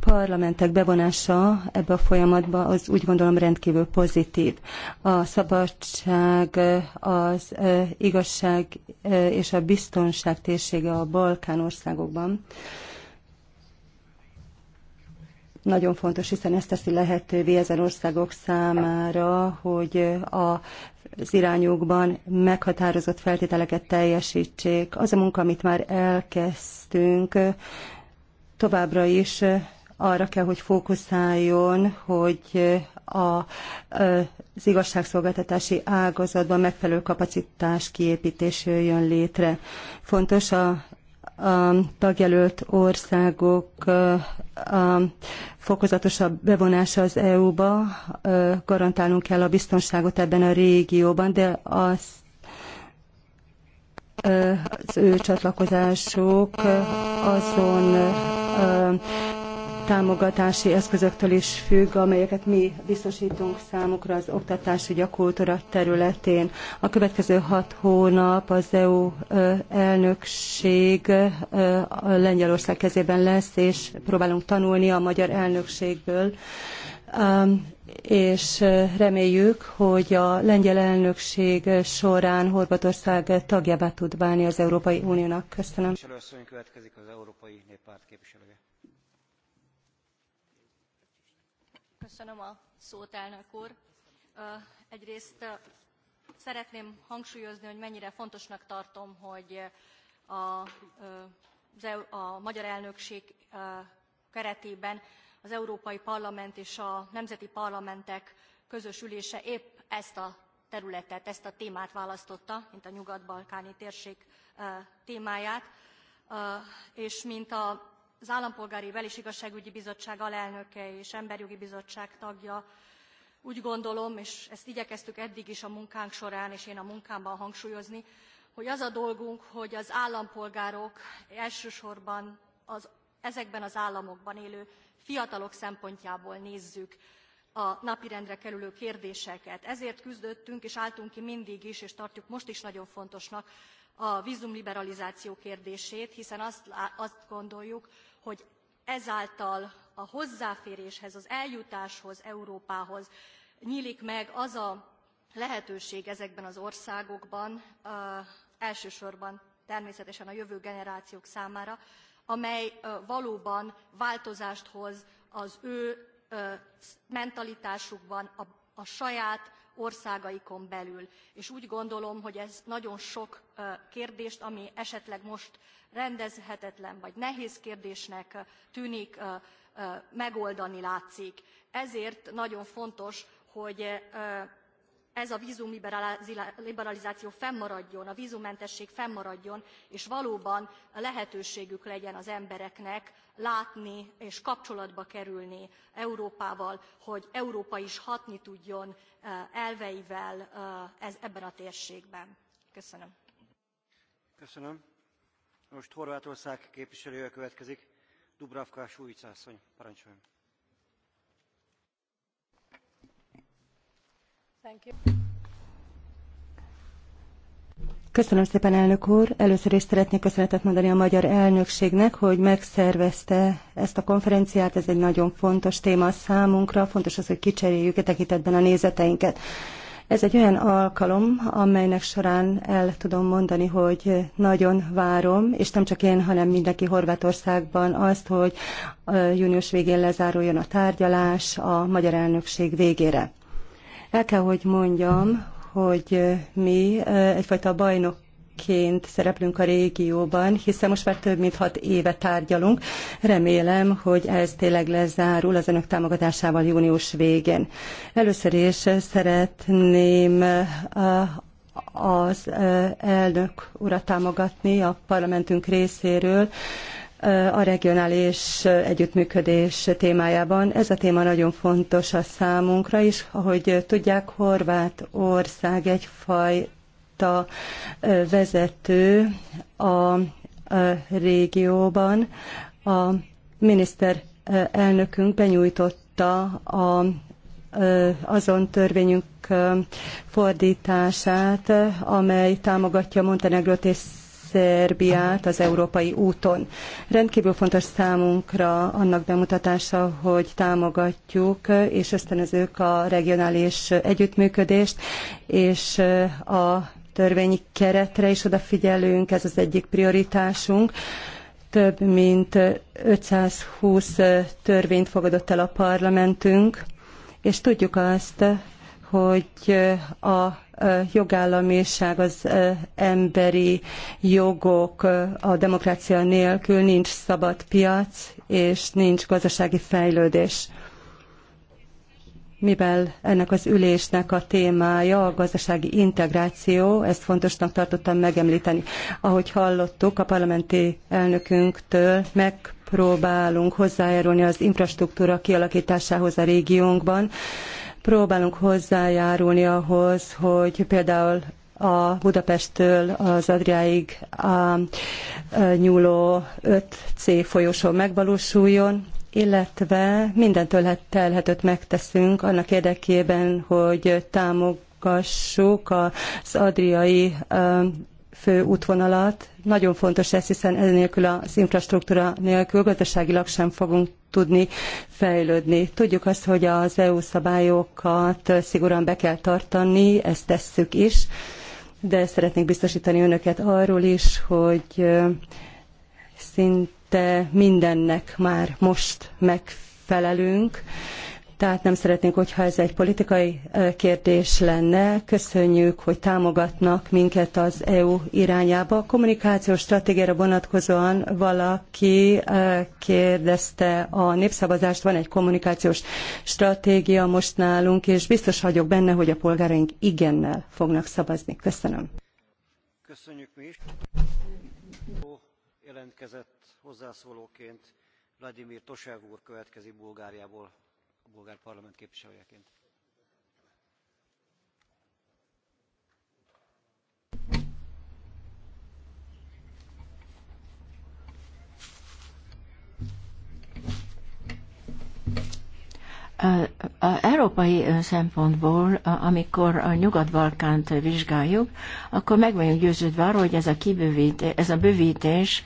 parlamentek bevonása ebbe a folyamatba az úgy gondolom rendkívül pozitív. A szabadság, az igazság és a biztonság térsége a Balkán országokban nagyon fontos, hiszen ezt teszi lehetővé ezen országok számára, hogy a az irányukban meghatározott feltételeket teljesítsék. Az a munka, amit már elkezdtünk, továbbra is arra kell, hogy fókuszáljon, hogy a, az igazságszolgáltatási ágazatban megfelelő kapacitás kiépítés jön létre. Fontos a, a tagjelölt országok a fokozatosabb bevonása az EU-ba, garantálnunk kell a biztonságot ebben a régióban, de az, az ő csatlakozások azon támogatási eszközöktől is függ, amelyeket mi biztosítunk számukra az oktatási a területén. A következő hat hónap az EU elnökség Lengyelország kezében lesz, és próbálunk tanulni a magyar elnökségből és reméljük, hogy a lengyel elnökség során Horvatország tagjává tud válni az Európai Uniónak. Köszönöm. következik az Európai Néppárt képviselője. Köszönöm a szót, elnök úr. Egyrészt szeretném hangsúlyozni, hogy mennyire fontosnak tartom, hogy a, e a magyar elnökség keretében az Európai Parlament és a nemzeti parlamentek közös ülése épp ezt a területet, ezt a témát választotta, mint a nyugat-balkáni térség témáját, és mint az Állampolgári Bel- és Igazságügyi Bizottság alelnöke és Emberjogi Bizottság tagja, úgy gondolom, és ezt igyekeztük eddig is a munkánk során, és én a munkámban hangsúlyozni, hogy az a dolgunk, hogy az állampolgárok elsősorban az, ezekben az államokban élő fiatalok szempontjából nézzük a napirendre kerülő kérdéseket. Ezért küzdöttünk és álltunk ki mindig is, és tartjuk most is nagyon fontosnak a vízumliberalizáció kérdését, hiszen azt, azt gondoljuk, hogy ezáltal a hozzáféréshez, az eljutáshoz Európához nyílik meg az a lehetőség ezekben az országokban, elsősorban természetesen a jövő generációk számára, amely valóban változást hoz az ő mentalitásukban, a, a saját országaikon belül. És úgy gondolom, hogy ez nagyon sok kérdést, ami esetleg most rendezhetetlen vagy nehéz kérdésnek tűnik, megoldani látszik. Ezért nagyon fontos, hogy ez a vzumliberalizáció fennmaradjon a vzummentesség fennmaradjon és valóban lehetőségük legyen az embereknek látni és kapcsolatba kerülni európával hogy európa is hatni tudjon e, elveivel e, ebben a térségben. köszönöm. köszönöm. most horvátország képviselője következik dubravka uica asszony parancsoljon. Köszönöm szépen, elnök úr! Először is szeretnék köszönetet mondani a magyar elnökségnek, hogy megszervezte ezt a konferenciát. Ez egy nagyon fontos téma számunkra. Fontos az, hogy kicseréljük e tekintetben a nézeteinket. Ez egy olyan alkalom, amelynek során el tudom mondani, hogy nagyon várom, és nem csak én, hanem mindenki Horvátországban azt, hogy június végén lezáruljon a tárgyalás a magyar elnökség végére. El kell, hogy mondjam, hogy mi egyfajta bajnok ként szereplünk a régióban, hiszen most már több mint hat éve tárgyalunk. Remélem, hogy ez tényleg lezárul az önök támogatásával június végén. Először is szeretném az elnök urat támogatni a parlamentünk részéről, a regionális együttműködés témájában. Ez a téma nagyon fontos a számunkra is. Ahogy tudják, Horvátország egyfajta vezető a régióban. A miniszter elnökünk benyújtotta a, azon törvényünk fordítását, amely támogatja Montenegrót és Szerbiát az európai úton. Rendkívül fontos számunkra annak bemutatása, hogy támogatjuk és ösztönözők a regionális együttműködést, és a törvényi keretre is odafigyelünk, ez az egyik prioritásunk több mint 520 törvényt fogadott el a parlamentünk, és tudjuk azt, hogy a jogállamiság, az emberi jogok, a demokrácia nélkül nincs szabad piac, és nincs gazdasági fejlődés. Mivel ennek az ülésnek a témája a gazdasági integráció, ezt fontosnak tartottam megemlíteni. Ahogy hallottuk a parlamenti elnökünktől, megpróbálunk hozzájárulni az infrastruktúra kialakításához a régiónkban, próbálunk hozzájárulni ahhoz, hogy például a Budapesttől az Adriáig a nyúló 5C folyosó megvalósuljon, illetve mindentől hát telhetőt megteszünk annak érdekében, hogy támogassuk az adriai fő útvonalat. Nagyon fontos ez, hiszen enélkül az infrastruktúra nélkül gazdaságilag sem fogunk tudni fejlődni. Tudjuk azt, hogy az EU szabályokat szigorúan be kell tartani, ezt tesszük is, de szeretnék biztosítani önöket arról is, hogy szinte mindennek már most megfelelünk, tehát nem szeretnénk, hogyha ez egy politikai kérdés lenne. Köszönjük, hogy támogatnak minket az EU irányába. A kommunikációs stratégiára vonatkozóan valaki kérdezte a népszavazást, van egy kommunikációs stratégia most nálunk, és biztos vagyok benne, hogy a polgáraink igennel fognak szavazni. Köszönöm. Köszönjük mi is. Jelentkezett hozzászólóként Vladimir Tosev úr következik Bulgáriából polgár parlament képviselőjeként. A európai szempontból, amikor a Nyugat-Balkánt vizsgáljuk, akkor meg vagyunk győződve arról, hogy ez a, kibővítés, ez a bővítés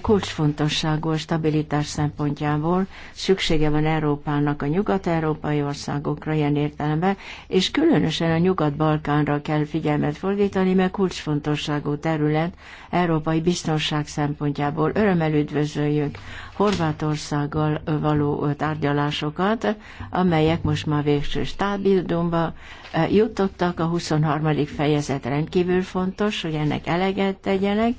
kulcsfontosságú a stabilitás szempontjából szüksége van Európának a nyugat-európai országokra ilyen értelemben, és különösen a Nyugat-Balkánra kell figyelmet fordítani, mert kulcsfontosságú terület európai biztonság szempontjából. Örömmel üdvözöljük Horvátországgal való tárgyalásokat, amelyek most már végső stábildomba jutottak. A 23. fejezet rendkívül fontos, hogy ennek eleget tegyenek,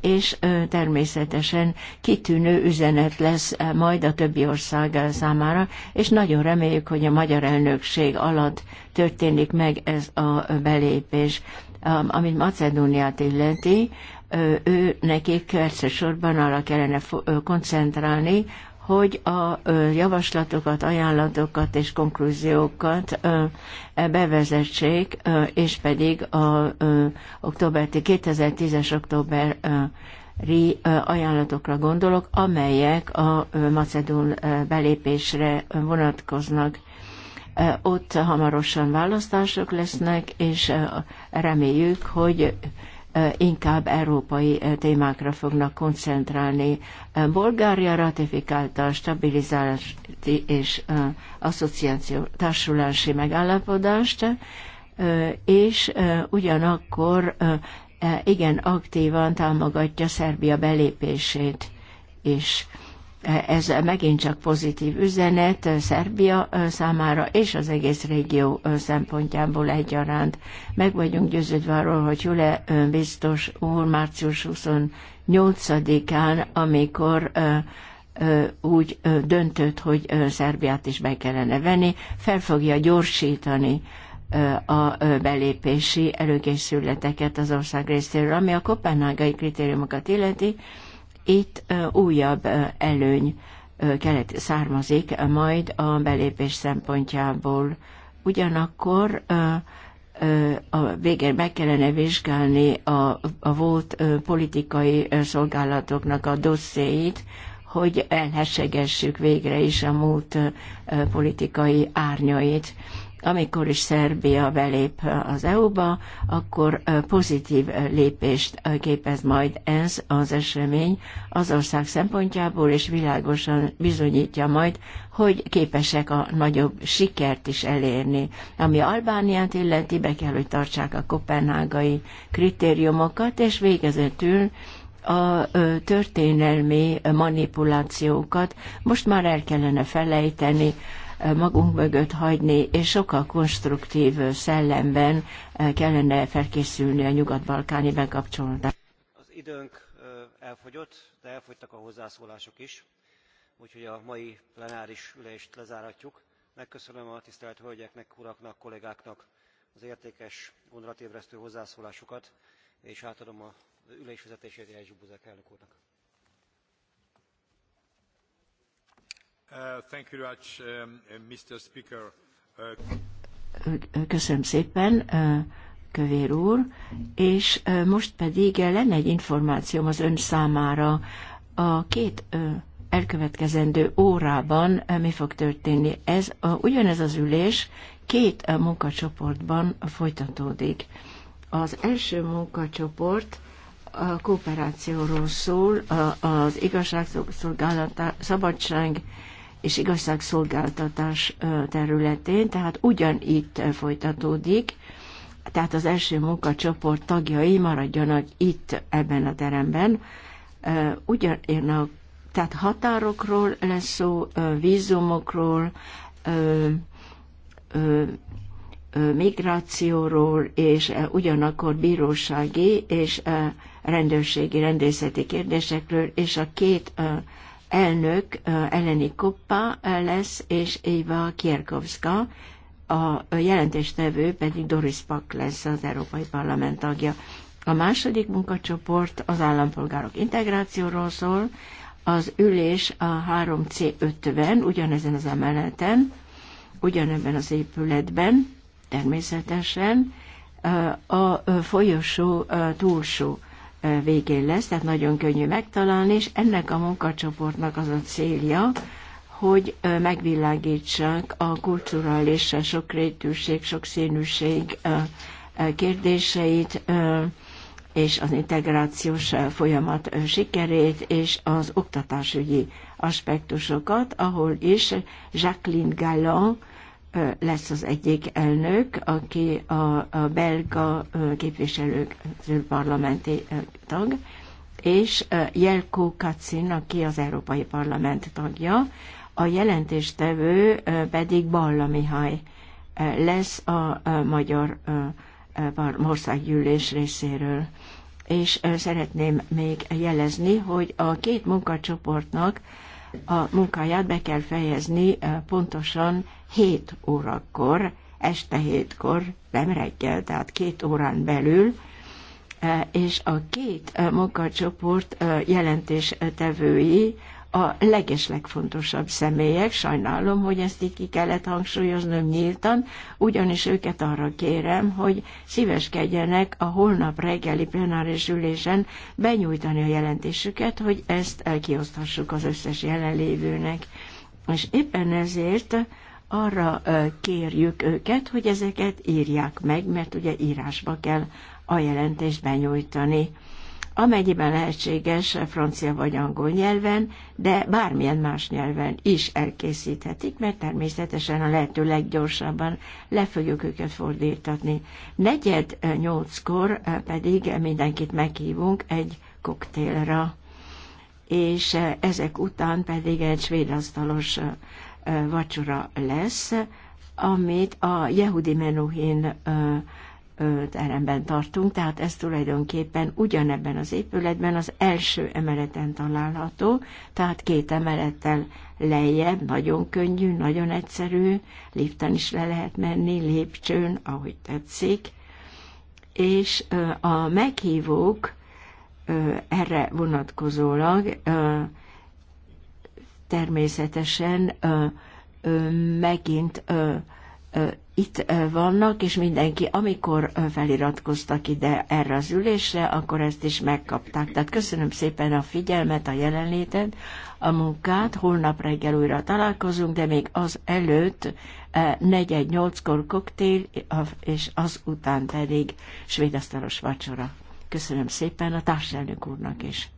és természetesen kitűnő üzenet lesz majd a többi ország számára, és nagyon reméljük, hogy a magyar elnökség alatt történik meg ez a belépés. Amit Macedóniát illeti, ő nekik elsősorban arra kellene koncentrálni, hogy a javaslatokat, ajánlatokat és konklúziókat bevezessék, és pedig a október 2010-es október ajánlatokra gondolok, amelyek a macedón belépésre vonatkoznak. Ott hamarosan választások lesznek, és reméljük, hogy inkább európai témákra fognak koncentrálni. Bulgária ratifikálta a stabilizálási és asszociáció társulási megállapodást, és ugyanakkor e, igen aktívan támogatja Szerbia belépését is. És ez megint csak pozitív üzenet Szerbia számára és az egész régió szempontjából egyaránt. Meg vagyunk győződve arról, hogy Jule biztos úr március 28-án, amikor úgy döntött, hogy Szerbiát is be kellene venni, fel fogja gyorsítani a belépési előkészületeket az ország részéről, ami a kopenhágai kritériumokat illeti, itt újabb előny kelet származik majd a belépés szempontjából. Ugyanakkor a végén meg kellene vizsgálni a, a volt politikai szolgálatoknak a dosszéit, hogy elhessegessük végre is a múlt politikai árnyait amikor is Szerbia belép az EU-ba, akkor pozitív lépést képez majd ez az esemény az ország szempontjából, és világosan bizonyítja majd, hogy képesek a nagyobb sikert is elérni. Ami Albániát illeti, be kell, hogy tartsák a kopenhágai kritériumokat, és végezetül a történelmi manipulációkat most már el kellene felejteni, magunk mögött hagyni, és sokkal konstruktív szellemben eh, kellene felkészülni a nyugat-balkáni bekapcsolódásra. Az időnk eh, elfogyott, de elfogytak a hozzászólások is, úgyhogy a mai plenáris ülést lezáratjuk. Megköszönöm a tisztelt hölgyeknek, uraknak, kollégáknak az értékes, gondolatébresztő hozzászólásukat, és átadom a ülésvezetését Jelzsi Buzek elnök úrnak. Uh, um, uh, köszönöm szépen, Kövér úr, és most pedig lenne egy információm az ön számára. A két elkövetkezendő órában mi fog történni? Ez ugyanez az ülés két munkacsoportban folytatódik. Az első munkacsoport a kooperációról szól, az igazságszolgálat, szabadság és igazságszolgáltatás területén, tehát ugyanitt folytatódik, tehát az első munkacsoport tagjai maradjanak itt ebben a teremben. ugyan, tehát határokról lesz szó, vízumokról, migrációról, és ugyanakkor bírósági és rendőrségi, rendészeti kérdésekről, és a két elnök Eleni Koppa lesz, és Éva Kierkowska, a jelentéstevő pedig Doris Pak lesz az Európai Parlament tagja. A második munkacsoport az állampolgárok integrációról szól, az ülés a 3C50, ugyanezen az emeleten, ugyanebben az épületben, természetesen, a folyosó túlsó végén lesz, tehát nagyon könnyű megtalálni, és ennek a munkacsoportnak az a célja, hogy megvilágítsák a kulturális sokrétűség, sokszínűség kérdéseit, és az integrációs folyamat sikerét, és az oktatásügyi aspektusokat, ahol is Jacqueline Galland lesz az egyik elnök, aki a, a belga képviselők parlamenti tag, és Jelko Kacin, aki az Európai Parlament tagja, a jelentéstevő pedig Balla Mihály lesz a Magyar Országgyűlés részéről. És szeretném még jelezni, hogy a két munkacsoportnak a munkáját be kell fejezni pontosan 7 órakor, este 7-kor, nem reggel, tehát két órán belül, és a két munkacsoport jelentéstevői a legeslegfontosabb személyek, sajnálom, hogy ezt így ki kellett hangsúlyoznom nyíltan, ugyanis őket arra kérem, hogy szíveskedjenek a holnap reggeli plenáris ülésen benyújtani a jelentésüket, hogy ezt kioszthassuk az összes jelenlévőnek. És éppen ezért arra kérjük őket, hogy ezeket írják meg, mert ugye írásba kell a jelentést benyújtani amennyiben lehetséges francia vagy angol nyelven, de bármilyen más nyelven is elkészíthetik, mert természetesen a lehető leggyorsabban le fogjuk őket fordítatni. Negyed nyolckor pedig mindenkit meghívunk egy koktélra, és ezek után pedig egy svédasztalos vacsora lesz, amit a Jehudi Menuhin teremben tartunk, tehát ez tulajdonképpen ugyanebben az épületben az első emeleten található, tehát két emelettel lejjebb, nagyon könnyű, nagyon egyszerű, liften is le lehet menni, lépcsőn, ahogy tetszik, és a meghívók erre vonatkozólag természetesen megint itt vannak, és mindenki, amikor feliratkoztak ide erre az ülésre, akkor ezt is megkapták. Tehát köszönöm szépen a figyelmet, a jelenlétet, a munkát. Holnap reggel újra találkozunk, de még az előtt 4-8-kor koktél, és az után pedig svédasztalos vacsora. Köszönöm szépen a társelnök úrnak is.